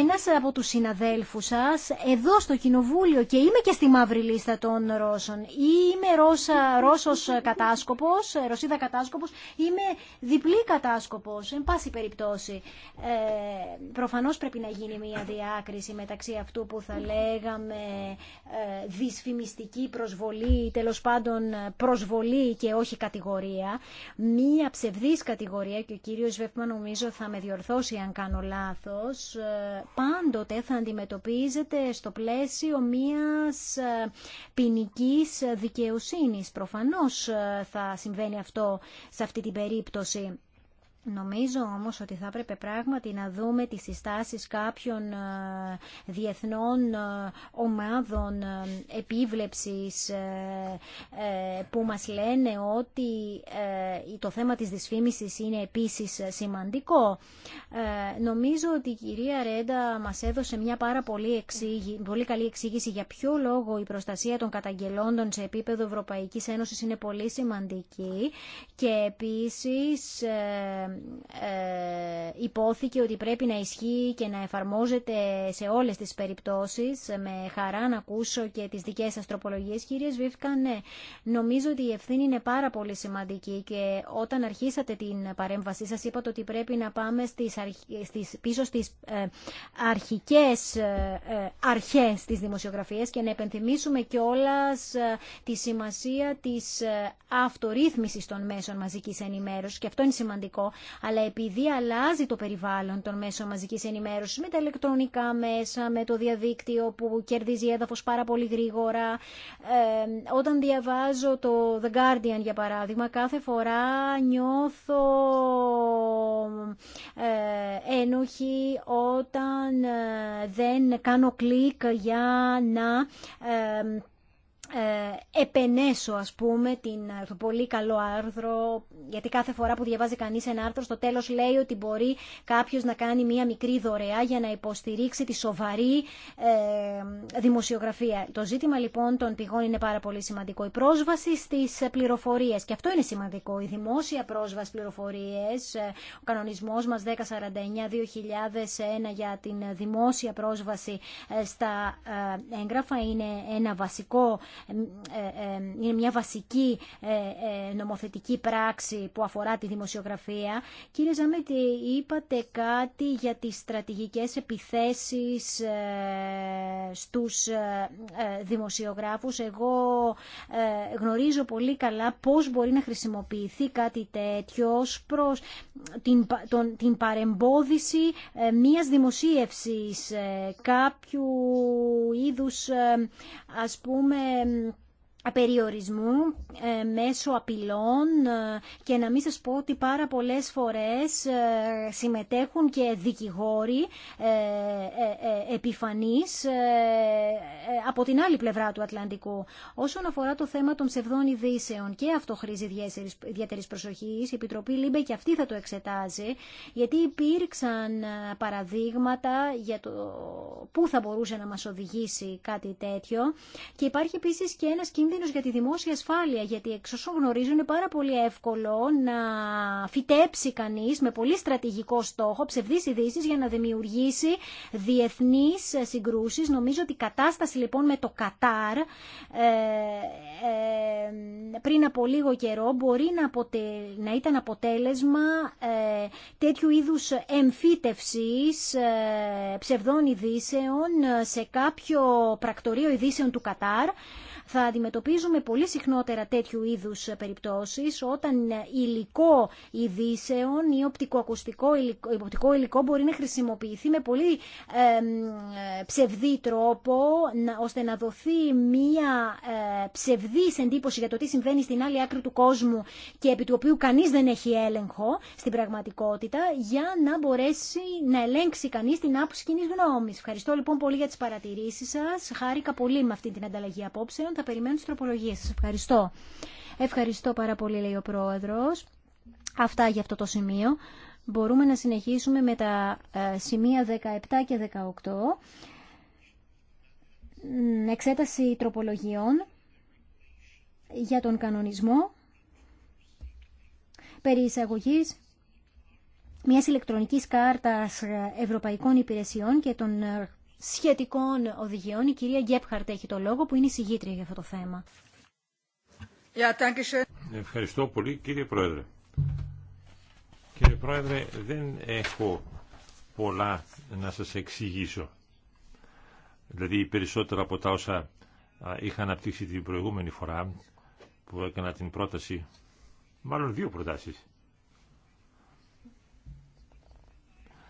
ένας από τους συναδέλφους σας εδώ στο κοινοβούλιο και είμαι και στη μαύρη λίστα των Ρώσων ή είμαι Ρώσα, Ρώσος κατάσκοπος, ε, Ρωσίδα κατάσκοπος είμαι διπλή κατάσκοπος εν πάση περιπτώσει ε, προφανώς πρέπει να γίνει μια διάκριση μεταξύ αυτού που θα λέγαμε ε, δυσφημιστική προσβολή τέλος πάντων ε, προσβολή και όχι κατηγορία μια ψευδή κατηγορία και ο κύριος Βεύμα νομίζω θα με διορθώσει αν κάνω λάθος, ε, πάντοτε θα αντιμετωπίζεται στο πλαίσιο μιας ε, ποινική δικαιοσύνης. Προφανώς ε, θα συμβαίνει αυτό σε αυτή την περίπτωση. Νομίζω όμως ότι θα έπρεπε πράγματι να δούμε τις συστάσεις κάποιων ε, διεθνών ε, ομάδων ε, επίβλεψης που μας λένε ότι το θέμα της δυσφήμισης είναι επίσης σημαντικό. Νομίζω ότι η κυρία Ρέντα μας έδωσε μια πάρα πολύ, πολύ καλή εξήγηση για ποιο λόγο η προστασία των καταγγελόντων σε επίπεδο Ευρωπαϊκής Ένωσης είναι πολύ σημαντική και επίσης ε, υπόθηκε ότι πρέπει να ισχύει και να εφαρμόζεται σε όλες τις περιπτώσεις. Με χαρά να ακούσω και τις δικές σας τροπολογίες. Κύριε Σβίφκα, ναι, νομίζω ότι η ευθύνη είναι πάρα πολύ σημαντική και όταν αρχίσατε την παρέμβασή σας είπατε ότι πρέπει να πάμε στις στις... πίσω στις ε, αρχικές ε, αρχές της δημοσιογραφίας και να επενθυμίσουμε κιόλα τη σημασία της αυτορύθμισης των μέσων μαζικής ενημέρωσης και αυτό είναι σημαντικό αλλά επειδή αλλάζει το περιβάλλον των μέσων μαζικής ενημέρωσης με τα ηλεκτρονικά μέσα, με το διαδίκτυο που κερδίζει έδαφος πάρα πολύ γρήγορα. Ε, όταν διαβάζω το The Guardian για παράδειγμα, κάθε φορά νιώθω ε, ένοχη όταν ε, δεν κάνω κλικ για να ε, επενέσω ας πούμε την, ε, το πολύ καλό άρθρο γιατί κάθε φορά που διαβάζει κανείς ένα άρθρο στο τέλος λέει ότι μπορεί κάποιος να κάνει μία μικρή δωρεά για να υποστηρίξει τη σοβαρή ε, δημοσιογραφία. Το ζήτημα λοιπόν των πηγών είναι πάρα πολύ σημαντικό. Η πρόσβαση στις πληροφορίες και αυτό είναι σημαντικό. Η δημόσια πρόσβαση πληροφορίες, ο κανονισμός μας 1049-2001 για την δημόσια πρόσβαση στα έγγραφα είναι ένα βασικό ε, είναι μια βασική ε, ε, νομοθετική πράξη που αφορά τη δημοσιογραφία. Κύριε Ζαμέτη, είπατε κάτι για τις στρατηγικές επιθέσεις στους δημοσιογράφους. Εγώ γνωρίζω πολύ καλά πώς μπορεί να χρησιμοποιηθεί κάτι τέτοιο προς την, τον, την παρεμπόδιση μιας δημοσίευσης κάποιου είδους ας πούμε AUTHORWAVE απεριορισμού ε, μέσω απειλών ε, και να μην σας πω ότι πάρα πολλές φορές ε, συμμετέχουν και δικηγόροι επιφανείς από την άλλη πλευρά του Ατλαντικού. Όσον αφορά το θέμα των ψευδών ειδήσεων και αυτό χρήζει ιδιαίτερη προσοχή, η Επιτροπή Λίμπε και αυτή θα το εξετάζει, γιατί υπήρξαν παραδείγματα για το πού θα μπορούσε να μας οδηγήσει κάτι τέτοιο και υπάρχει επίσης και ένας για τη δημόσια ασφάλεια, γιατί εξ όσων είναι πάρα πολύ εύκολο να φυτέψει κανεί με πολύ στρατηγικό στόχο ψευδείς ειδήσει για να δημιουργήσει διεθνεί συγκρούσει. Νομίζω ότι η κατάσταση λοιπόν με το Κατάρ ε, ε, πριν από λίγο καιρό μπορεί να, αποτε... να ήταν αποτέλεσμα ε, τέτοιου είδους εμφύτευσης ψευδών ειδήσεων σε κάποιο πρακτορείο ειδήσεων του Κατάρ θα αντιμετωπίζουμε πολύ συχνότερα τέτοιου είδους περιπτώσεις όταν υλικό ειδήσεων ή οπτικοακουστικό υλικό, οπτικό υλικό μπορεί να χρησιμοποιηθεί με πολύ ε, ψευδή τρόπο ώστε να δοθεί μία ε, ψευδής εντύπωση για το τι συμβαίνει στην άλλη άκρη του κόσμου και επί του οποίου κανείς δεν έχει έλεγχο στην πραγματικότητα για να μπορέσει να ελέγξει κανείς την άποψη κοινή γνώμη. Ευχαριστώ λοιπόν πολύ για τις παρατηρήσεις σας. Χάρηκα πολύ με αυτή την ανταλλαγή απόψεων. Θα περιμένω στις τροπολογίες. Σας ευχαριστώ. Ευχαριστώ πάρα πολύ, λέει ο Πρόεδρος. Αυτά για αυτό το σημείο. Μπορούμε να συνεχίσουμε με τα ε, σημεία 17 και 18. Εξέταση τροπολογιών για τον κανονισμό περί εισαγωγής μιας ηλεκτρονικής κάρτας ευρωπαϊκών υπηρεσιών και των ε, σχετικών οδηγιών. Η κυρία Γκέπχαρτ έχει το λόγο που είναι η συγγήτρια για αυτό το θέμα. Ευχαριστώ πολύ κύριε Πρόεδρε. Κύριε Πρόεδρε, δεν έχω πολλά να σας εξηγήσω. Δηλαδή περισσότερα από τα όσα είχα αναπτύξει την προηγούμενη φορά που έκανα την πρόταση, μάλλον δύο προτάσεις.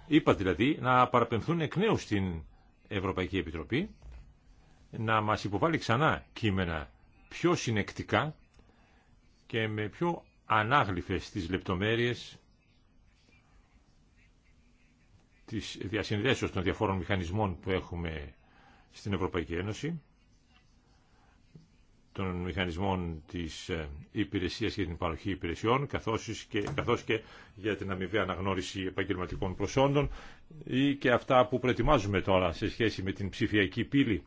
Είπα δηλαδή να παραπεμφθούν εκ νέου στην Ευρωπαϊκή Επιτροπή να μας υποβάλει ξανά κείμενα πιο συνεκτικά και με πιο ανάγλυφες τις λεπτομέρειες της διασυνδέσεως των διαφόρων μηχανισμών που έχουμε στην Ευρωπαϊκή Ένωση των μηχανισμών της ε, υπηρεσίας και την παροχή υπηρεσιών, καθώς και, και για την αμοιβή αναγνώριση επαγγελματικών προσόντων ή και αυτά που προετοιμάζουμε τώρα σε σχέση με την ψηφιακή πύλη.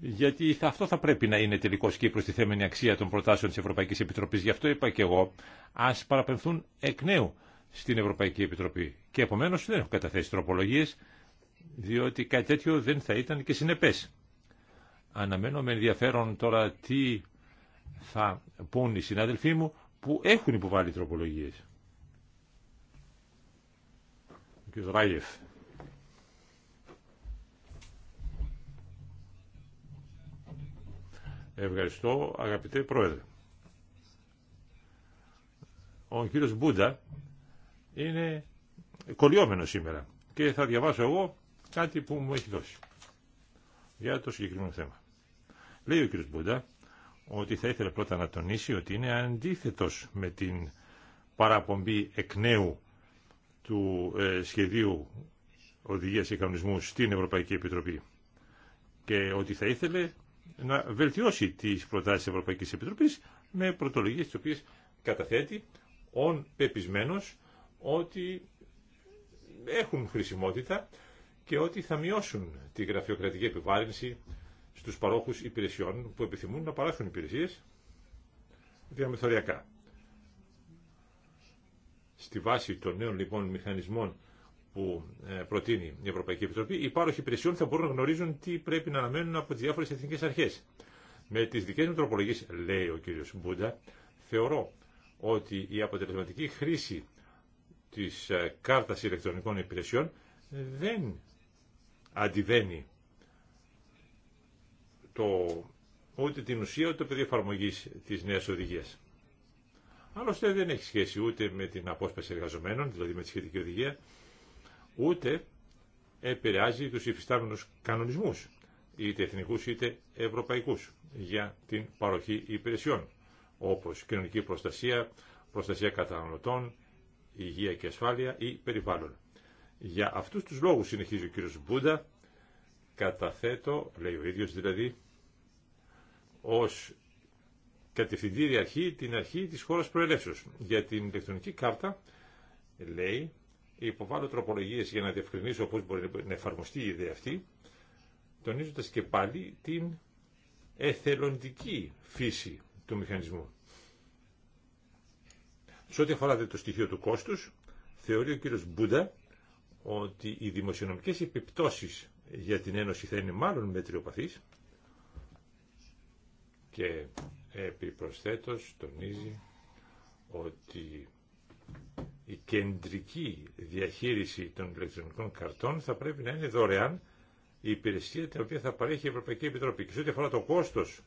Γιατί αυτό θα πρέπει να είναι τελικό και η προστιθέμενη αξία των προτάσεων τη Ευρωπαϊκή Επιτροπή. Γι' αυτό είπα και εγώ, α παραπενθούν εκ νέου στην Ευρωπαϊκή Επιτροπή. Και επομένω δεν έχω καταθέσει τροπολογίε, διότι κάτι τέτοιο δεν θα ήταν και συνεπέ. Αναμένω με ενδιαφέρον τώρα τι θα πούν οι συνάδελφοί μου που έχουν υποβάλει τροπολογίες. Ο Ράγεφ. Ευχαριστώ αγαπητέ Πρόεδρε. Ο κύριος Μπούντα είναι κολλιόμενος σήμερα και θα διαβάσω εγώ κάτι που μου έχει δώσει για το συγκεκριμένο θέμα. Λέει ο κ. Μπούντα ότι θα ήθελε πρώτα να τονίσει ότι είναι αντίθετος με την παραπομπή εκ νέου του ε, σχεδίου οδηγίας και κανονισμού στην Ευρωπαϊκή Επιτροπή και ότι θα ήθελε να βελτιώσει τις προτάσεις της Ευρωπαϊκής Επιτροπής με πρωτολογίες τις οποίες καταθέτει ον πεπισμένος ότι έχουν χρησιμότητα και ότι θα μειώσουν τη γραφειοκρατική επιβάρυνση στους παρόχους υπηρεσιών που επιθυμούν να παράσχουν υπηρεσίες διαμεθοριακά. Στη βάση των νέων λοιπόν μηχανισμών που ε, προτείνει η Ευρωπαϊκή Επιτροπή, οι πάροχοι υπηρεσιών θα μπορούν να γνωρίζουν τι πρέπει να αναμένουν από τις διάφορες εθνικές αρχές. Με τις δικές μου τροπολογίες, λέει ο κύριος Μπούντα, θεωρώ ότι η αποτελεσματική χρήση της ε, κάρτας ηλεκτρονικών υπηρεσιών δεν αντιβαίνει ούτε την ουσία ούτε το πεδίο εφαρμογή τη νέα οδηγία. Άλλωστε δεν έχει σχέση ούτε με την απόσπαση εργαζομένων, δηλαδή με τη σχετική οδηγία, ούτε επηρεάζει τους υφιστάμενους κανονισμούς, είτε εθνικού είτε ευρωπαϊκού για την παροχή υπηρεσιών, όπως κοινωνική προστασία, προστασία καταναλωτών, υγεία και ασφάλεια ή περιβάλλον. Για αυτούς τους λόγου συνεχίζει ο κ. Μπούντα, καταθέτω, λέει ο ίδιο, δηλαδή, ως κατευθυντήρια αρχή την αρχή της χώρας προελεύσεως. Για την ηλεκτρονική κάρτα λέει υποβάλλω τροπολογίες για να διευκρινίσω πώς μπορεί να εφαρμοστεί η ιδέα αυτή τονίζοντας και πάλι την εθελοντική φύση του μηχανισμού. Σε ό,τι αφορά το στοιχείο του κόστους, θεωρεί ο κύριος Μπούντα ότι οι δημοσιονομικές επιπτώσεις για την Ένωση θα είναι μάλλον μετριοπαθείς και επιπροσθέτως τονίζει ότι η κεντρική διαχείριση των ηλεκτρονικών καρτών θα πρέπει να είναι δωρεάν η υπηρεσία την οποία θα παρέχει η Ευρωπαϊκή Επιτροπή. Και σε ό,τι αφορά το κόστος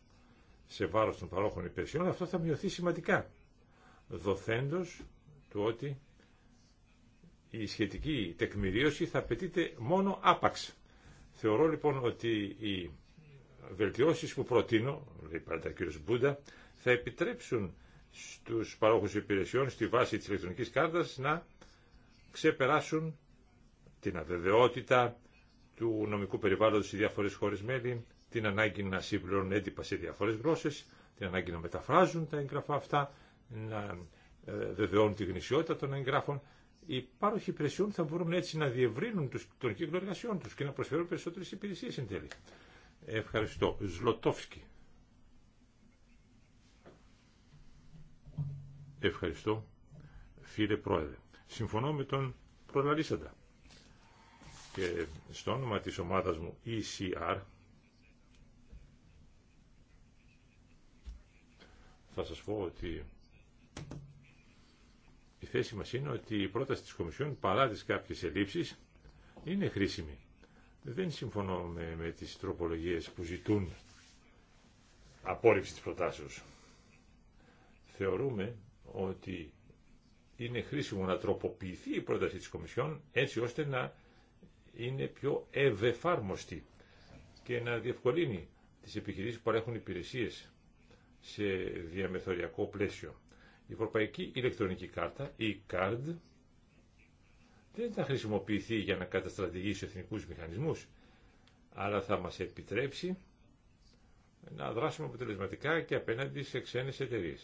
σε βάρος των παρόχων υπηρεσιών, αυτό θα μειωθεί σημαντικά, δοθέντος του ότι η σχετική τεκμηρίωση θα απαιτείται μόνο άπαξ. Θεωρώ λοιπόν ότι η βελτιώσεις που προτείνω, λέει πάντα ο κ. Μπούντα, θα επιτρέψουν στους παρόχους υπηρεσιών στη βάση της ηλεκτρονικής κάρτας να ξεπεράσουν την αβεβαιότητα του νομικού περιβάλλοντος σε διάφορες χώρες μέλη, την ανάγκη να συμπληρώνουν έντυπα σε διάφορες γλώσσες, την ανάγκη να μεταφράζουν τα εγγραφά αυτά, να ε, βεβαιώνουν τη γνησιότητα των εγγράφων. Οι πάροχοι υπηρεσιών θα μπορούν έτσι να διευρύνουν τον κύκλο εργασιών τους και να προσφέρουν περισσότερες υπηρεσίες εν τέλει. Ευχαριστώ. Ζλωτόφσκι. Ευχαριστώ, φίλε Πρόεδρε. Συμφωνώ με τον προλαλήσαντα. Και στο όνομα της ομάδας μου ECR θα σας πω ότι η θέση μας είναι ότι η πρόταση της Κομισιόν παρά τις κάποιες ελλείψεις είναι χρήσιμη. Δεν συμφωνώ με, με τις τροπολογίες που ζητούν απόρριψη της προτάσεως. Θεωρούμε ότι είναι χρήσιμο να τροποποιηθεί η πρόταση της Κομισιόν έτσι ώστε να είναι πιο ευεφάρμοστη και να διευκολύνει τις επιχειρήσεις που παρέχουν υπηρεσίες σε διαμεθοριακό πλαίσιο. Η Ευρωπαϊκή Ηλεκτρονική Κάρτα, η CARD, δεν θα χρησιμοποιηθεί για να καταστρατηγήσει εθνικούς μηχανισμούς, αλλά θα μας επιτρέψει να δράσουμε αποτελεσματικά και απέναντι σε ξένες εταιρείε.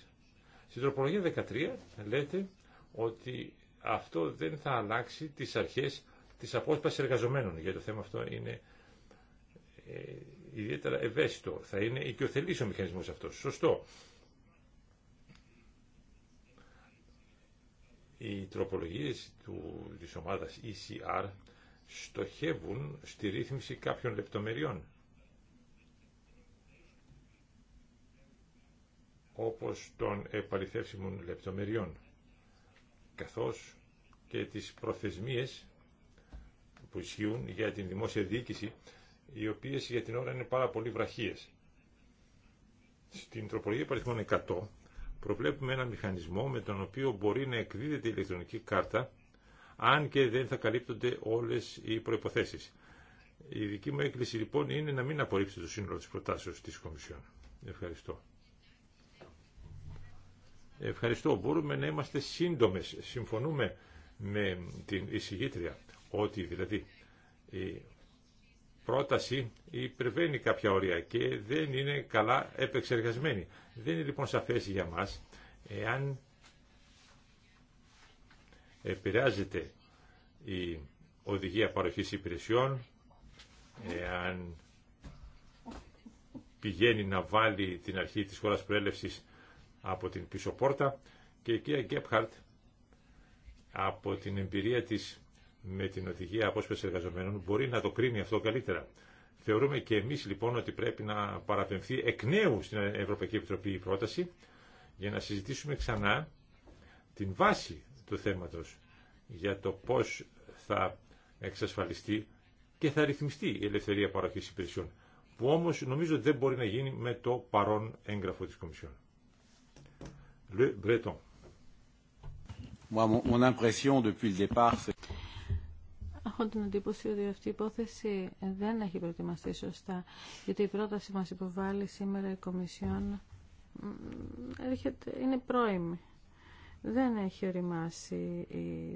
Στην τροπολογία 13 λέτε ότι αυτό δεν θα αλλάξει τις αρχές της απόσπασης εργαζομένων, γιατί το θέμα αυτό είναι ε, ιδιαίτερα ευαίσθητο. Θα είναι οικειοθελής ο μηχανισμός αυτός. Σωστό. Οι τροπολογίες του, της ομάδας ECR στοχεύουν στη ρύθμιση κάποιων λεπτομεριών. όπως των επαληθεύσιμων λεπτομεριών, καθώς και τις προθεσμίες που ισχύουν για την δημόσια διοίκηση, οι οποίες για την ώρα είναι πάρα πολύ βραχίες. Στην τροπολογία παριθμών 100 προβλέπουμε ένα μηχανισμό με τον οποίο μπορεί να εκδίδεται η ηλεκτρονική κάρτα αν και δεν θα καλύπτονται όλες οι προϋποθέσεις. Η δική μου έκκληση λοιπόν είναι να μην απορρίψετε το σύνολο της προτάσεως της Κομισιόν. Ευχαριστώ. Ευχαριστώ. Μπορούμε να είμαστε σύντομες. Συμφωνούμε με την εισηγήτρια ότι δηλαδή πρόταση υπερβαίνει κάποια όρια και δεν είναι καλά επεξεργασμένη. Δεν είναι λοιπόν σαφές για μας εάν επηρεάζεται η οδηγία παροχής υπηρεσιών, εάν πηγαίνει να βάλει την αρχή της χώρας προέλευσης από την πίσω πόρτα και η κυρία Γκέπχαρτ από την εμπειρία της με την οδηγία απόσπαση εργαζομένων μπορεί να το κρίνει αυτό καλύτερα. Θεωρούμε και εμείς λοιπόν ότι πρέπει να παραπεμφθεί εκ νέου στην Ευρωπαϊκή Επιτροπή η πρόταση για να συζητήσουμε ξανά την βάση του θέματος για το πώς θα εξασφαλιστεί και θα ρυθμιστεί η ελευθερία παροχής υπηρεσιών που όμως νομίζω δεν μπορεί να γίνει με το παρόν έγγραφο της Κομισιόν. Le Breton. Moi, impression depuis έχω την εντύπωση ότι αυτή η υπόθεση δεν έχει προετοιμαστεί σωστά, γιατί η πρόταση μας υποβάλλει σήμερα η Κομισιόν έρχεται, είναι πρώιμη. Δεν έχει οριμάσει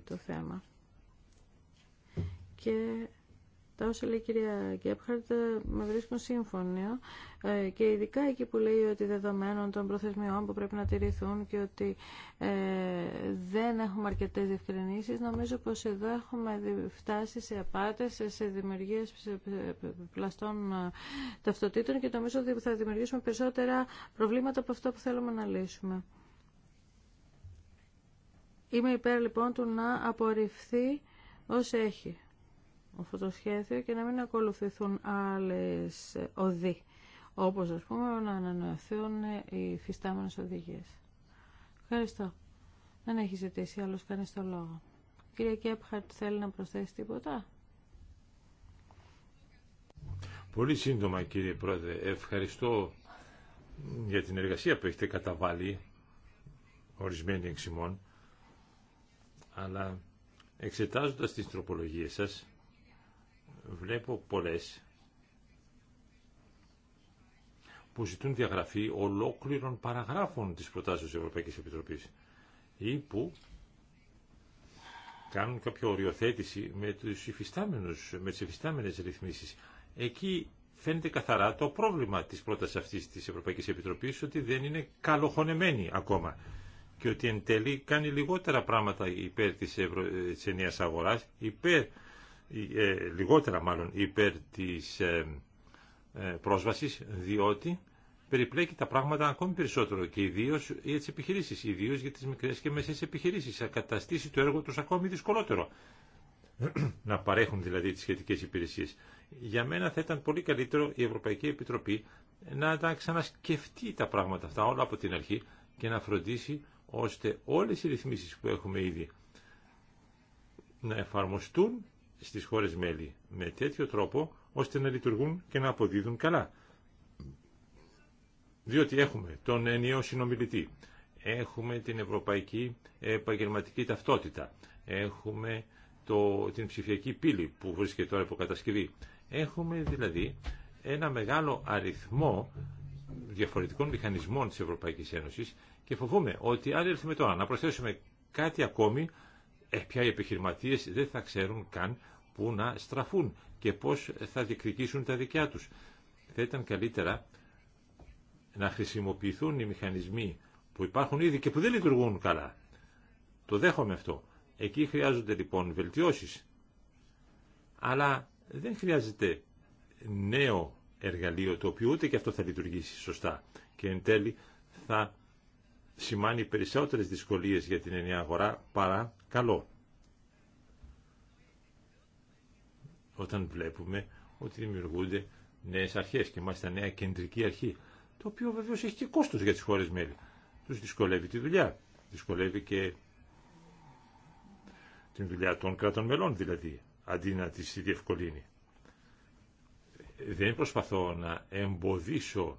το θέμα. Και τα όσα λέει η κυρία Γκέπχαρτ με βρίσκουν σύμφωνο ε, και ειδικά εκεί που λέει ότι δεδομένων των προθεσμιών που πρέπει να τηρηθούν και ότι ε, δεν έχουμε αρκετές διευκρινήσεις, νομίζω πως εδώ έχουμε φτάσει σε απάτες, σε δημιουργίες πλαστών ε, ταυτοτήτων και νομίζω ότι θα δημιουργήσουμε περισσότερα προβλήματα από αυτό που θέλουμε να λύσουμε. Είμαι υπέρ λοιπόν του να απορριφθεί ως έχει αυτό το σχέδιο και να μην ακολουθηθούν άλλες οδοί, όπως ας πούμε να ανανεωθούν οι φυστάμενες οδηγίες. Ευχαριστώ. Δεν έχει ζητήσει άλλος κανείς το λόγο. Κύριε Κέπχαρτ, θέλει να προσθέσει τίποτα? Πολύ σύντομα κύριε Πρόεδρε, ευχαριστώ για την εργασία που έχετε καταβάλει ορισμένοι εξημών, αλλά εξετάζοντας τις τροπολογίες σας, βλέπω πολλές που ζητούν διαγραφή ολόκληρων παραγράφων της προτάσεως της Ευρωπαϊκής Επιτροπής ή που κάνουν κάποια οριοθέτηση με, τους υφιστάμενους, με τις υφιστάμενες ρυθμίσεις. Εκεί φαίνεται καθαρά το πρόβλημα της πρότασης αυτής της Ευρωπαϊκής Επιτροπής ότι δεν είναι καλοχωνεμένη ακόμα και ότι εν τέλει κάνει λιγότερα πράγματα υπέρ της, ευρω... της ενιαίας αγοράς, υπέρ ε, ε, λιγότερα μάλλον υπέρ της ε, πρόσβασης, διότι περιπλέκει τα πράγματα ακόμη περισσότερο και ιδίω για τι επιχειρήσει, ιδίω για τι μικρέ και μεσές επιχειρήσει. Θα καταστήσει το έργο του ακόμη δυσκολότερο να παρέχουν δηλαδή τι σχετικέ υπηρεσίε. Για μένα θα ήταν πολύ καλύτερο η Ευρωπαϊκή Επιτροπή να τα ξανασκεφτεί τα πράγματα αυτά όλα από την αρχή και να φροντίσει ώστε όλες οι ρυθμίσεις που έχουμε ήδη να εφαρμοστούν στις χώρες μέλη με τέτοιο τρόπο ώστε να λειτουργούν και να αποδίδουν καλά. Διότι έχουμε τον ενιαίο συνομιλητή, έχουμε την ευρωπαϊκή επαγγελματική ταυτότητα, έχουμε το, την ψηφιακή πύλη που βρίσκεται τώρα υπό κατασκευή. Έχουμε δηλαδή ένα μεγάλο αριθμό διαφορετικών μηχανισμών της Ευρωπαϊκής Ένωσης και φοβούμε ότι αν έρθουμε τώρα να προσθέσουμε κάτι ακόμη, ε, πια οι επιχειρηματίες δεν θα ξέρουν καν που να στραφούν και πώς θα διεκδικήσουν τα δικιά τους. Θα ήταν καλύτερα να χρησιμοποιηθούν οι μηχανισμοί που υπάρχουν ήδη και που δεν λειτουργούν καλά. Το δέχομαι αυτό. Εκεί χρειάζονται λοιπόν βελτιώσεις. Αλλά δεν χρειάζεται νέο εργαλείο το οποίο ούτε και αυτό θα λειτουργήσει σωστά και εν τέλει θα σημάνει περισσότερες δυσκολίες για την ενιαία αγορά παρά καλό. όταν βλέπουμε ότι δημιουργούνται νέε αρχέ και μάλιστα νέα κεντρική αρχή, το οποίο βεβαίω έχει και κόστο για τι χώρε μέλη. Του δυσκολεύει τη δουλειά. Δυσκολεύει και την δουλειά των κρατών μελών δηλαδή, αντί να τη διευκολύνει. Δεν προσπαθώ να εμποδίσω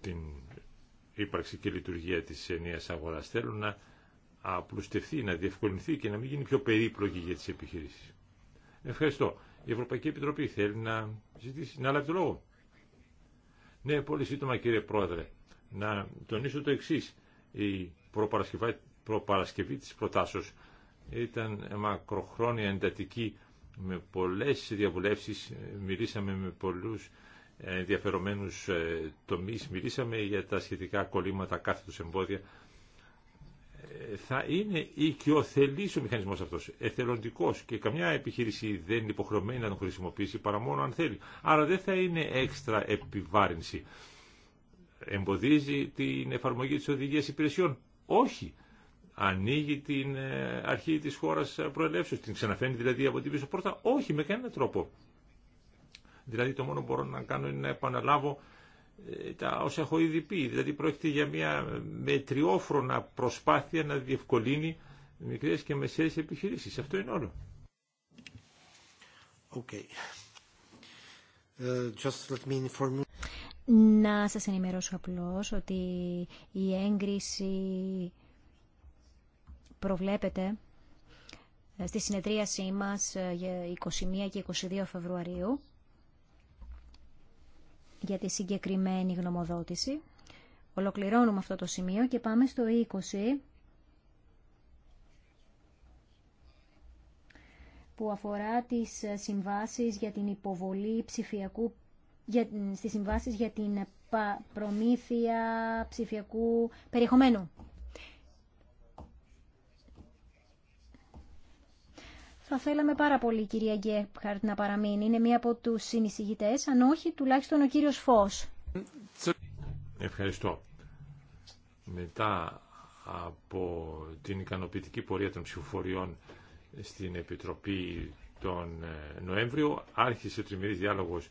την ύπαρξη και λειτουργία της ενίας αγοράς. Θέλω να απλουστευτεί, να διευκολυνθεί και να μην γίνει πιο περίπλοκη για τις επιχειρήσεις. Ευχαριστώ. Η Ευρωπαϊκή Επιτροπή θέλει να ζητήσει να λάβει το λόγο. Ναι, πολύ σύντομα κύριε Πρόεδρε. Να τονίσω το εξή. Η προπαρασκευή, προπαρασκευή της προτάσεως ήταν μακροχρόνια εντατική με πολλές διαβουλεύσεις. Μιλήσαμε με πολλούς ενδιαφερομένους ε, τομείς. Μιλήσαμε για τα σχετικά κολλήματα, κάθετος εμπόδια θα είναι οικειοθελής ο μηχανισμός αυτός, Εθελοντικό και καμιά επιχείρηση δεν είναι υποχρεωμένη να τον χρησιμοποιήσει παρά μόνο αν θέλει. Άρα δεν θα είναι έξτρα επιβάρυνση. Εμποδίζει την εφαρμογή της οδηγία υπηρεσιών. Όχι. Ανοίγει την ε, αρχή της χώρας προελεύσεως, την ξαναφέρνει δηλαδή από την πίσω πόρτα. Όχι, με κανένα τρόπο. Δηλαδή το μόνο που μπορώ να κάνω είναι να επαναλάβω ε, τα όσα έχω ήδη πει. Δηλαδή πρόκειται για μια μετριόφρονα προσπάθεια να διευκολύνει μικρές και μεσαίες επιχειρήσεις. Αυτό είναι όλο. Okay. Ε, just let me inform you. Να σας ενημερώσω απλώς ότι η έγκριση προβλέπεται ε, στη συνεδρίασή μας 21 και 22 Φεβρουαρίου για τη συγκεκριμένη γνωμοδότηση. Ολοκληρώνουμε αυτό το σημείο και πάμε στο 20 που αφορά τις συμβάσεις για την υποβολή ψηφιακού για, στις συμβάσεις για την προμήθεια ψηφιακού περιεχομένου. Θα θέλαμε πάρα πολύ, κυρία Γκέπχαρτ, να παραμείνει. Είναι μία από τους συνεισηγητέ, αν όχι τουλάχιστον ο κύριος Φως. Ευχαριστώ. Μετά από την ικανοποιητική πορεία των ψηφοφοριών στην Επιτροπή τον ε, Νοέμβριο, άρχισε ο τριμήρης διάλογος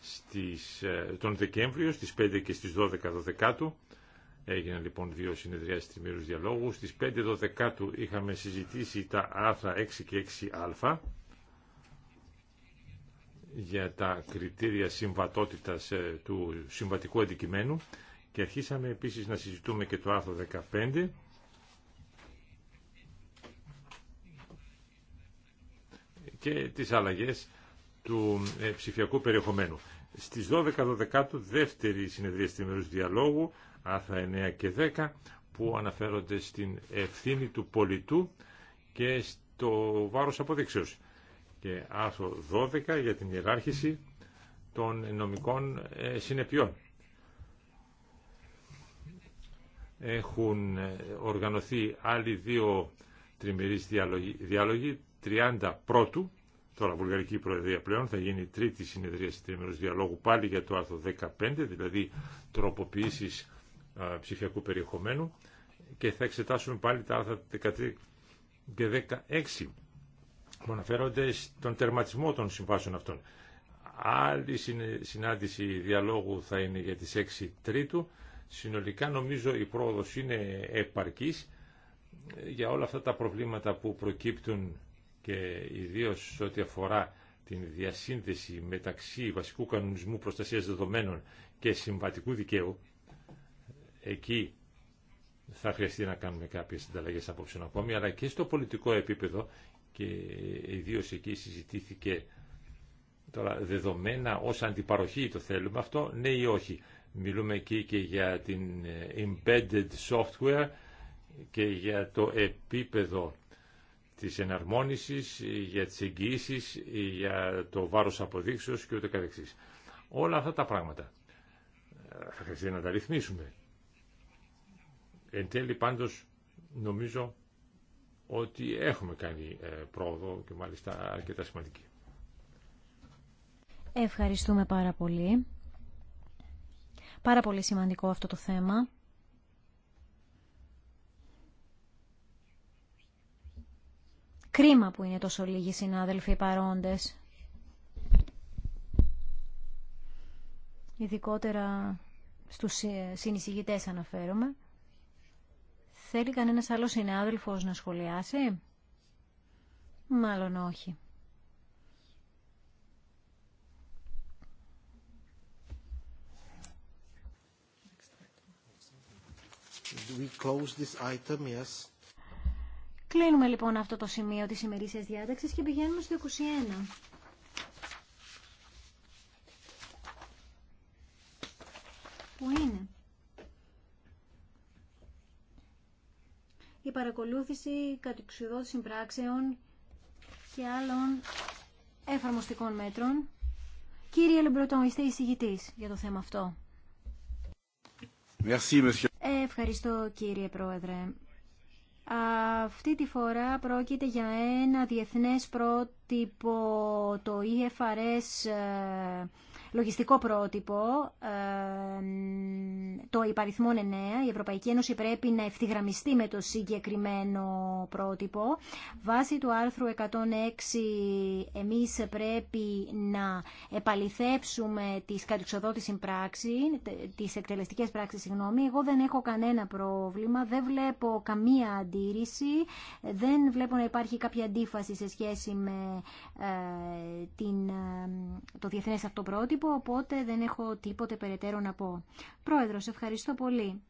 στις, ε, τον Δεκέμβριο στις 5 και στις 12 Δεκάτου Έγιναν λοιπόν δύο συνεδριάσεις τριμήρους διαλόγου. Στις 5 είχαμε συζητήσει τα άρθρα 6 και 6α για τα κριτήρια συμβατότητας ε, του συμβατικού αντικειμένου και αρχίσαμε επίσης να συζητούμε και το άρθρο 15 και τις αλλαγές του ε, ψηφιακού περιεχομένου. Στις 12 12 δεύτερη συνεδρία τριμήρους διαλόγου άρθρα 9 και 10 που αναφέρονται στην ευθύνη του πολιτού και στο βάρος αποδείξεως και άρθρο 12 για την ιεράρχηση των νομικών ε, συνεπειών. Έχουν ε, οργανωθεί άλλοι δύο τριμερείς διάλογοι, 30 πρώτου, τώρα Βουλγαρική Προεδρία πλέον, θα γίνει τρίτη συνεδρία τριμερούς διαλόγου πάλι για το άρθρο 15, δηλαδή τροποποιήσεις ε, ψηφιακού περιεχομένου και θα εξετάσουμε πάλι τα άρθρα 13 και 16 που αναφέρονται στον τερματισμό των συμβάσεων αυτών. Άλλη συνάντηση διαλόγου θα είναι για τις 6 Τρίτου. Συνολικά νομίζω η πρόοδος είναι επαρκής ε, για όλα αυτά τα προβλήματα που προκύπτουν και ιδίως ό,τι αφορά την διασύνδεση μεταξύ βασικού κανονισμού προστασίας δεδομένων και συμβατικού δικαίου Εκεί θα χρειαστεί να κάνουμε κάποιες συνταλλαγές απόψε ακόμη, αλλά και στο πολιτικό επίπεδο και ιδίω εκεί συζητήθηκε τώρα δεδομένα ως αντιπαροχή το θέλουμε αυτό, ναι ή όχι. Μιλούμε εκεί και για την embedded software και για το επίπεδο της εναρμόνισης, για τις εγγυήσεις, για το βάρος αποδείξεως και ούτε καθεξής. Όλα αυτά τα πράγματα θα χρειαστεί να τα ρυθμίσουμε. Εν τέλει πάντως νομίζω ότι έχουμε κάνει ε, πρόοδο και μάλιστα αρκετά σημαντική. Ευχαριστούμε πάρα πολύ. Πάρα πολύ σημαντικό αυτό το θέμα. Κρίμα που είναι τόσο λίγοι συνάδελφοι παρόντες. Ειδικότερα στους συνεισηγητές αναφέρομαι. Θέλει κανένας άλλος συνάδελφος να σχολιάσει? Μάλλον όχι. We close this item, yes. Κλείνουμε λοιπόν αυτό το σημείο της ημερήσιας διάταξης και πηγαίνουμε στο 21. Πού είναι? η παρακολούθηση κατοξιδών συμπράξεων και άλλων εφαρμοστικών μέτρων. Κύριε Λεμπροτών, είστε εισηγητή για το θέμα αυτό. Ε, ευχαριστώ κύριε Πρόεδρε. Αυτή τη φορά πρόκειται για ένα διεθνές πρότυπο, το EFRS ε, λογιστικό πρότυπο, το υπαριθμό 9, η Ευρωπαϊκή Ένωση πρέπει να ευθυγραμμιστεί με το συγκεκριμένο πρότυπο. Βάσει του άρθρου 106 εμείς πρέπει να επαληθεύσουμε τις κατεξοδότηση πράξη, τις εκτελεστικές πράξεις, συγγνώμη. Εγώ δεν έχω κανένα πρόβλημα, δεν βλέπω καμία αντίρρηση, δεν βλέπω να υπάρχει κάποια αντίφαση σε σχέση με ε, την, ε, το διεθνές αυτό πρότυπο οπότε δεν έχω τίποτε περαιτέρω να πω. Πρόεδρος, ευχαριστώ πολύ.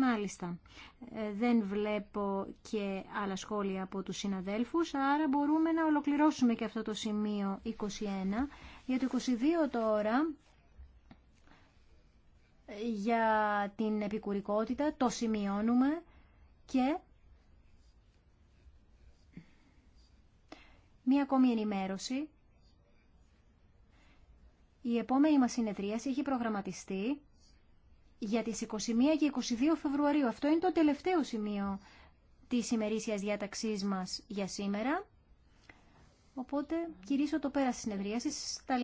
Μάλιστα. Ε, δεν βλέπω και άλλα σχόλια από τους συναδέλφους, άρα μπορούμε να ολοκληρώσουμε και αυτό το σημείο 21. Για το 22 τώρα, για την επικουρικότητα, το σημειώνουμε και... Μία ακόμη ενημέρωση η επόμενη μας συνεδρίαση έχει προγραμματιστεί για τις 21 και 22 Φεβρουαρίου. Αυτό είναι το τελευταίο σημείο της ημερήσιας διάταξής μας για σήμερα. Οπότε κηρύσω το πέρας της συνεδρίασης.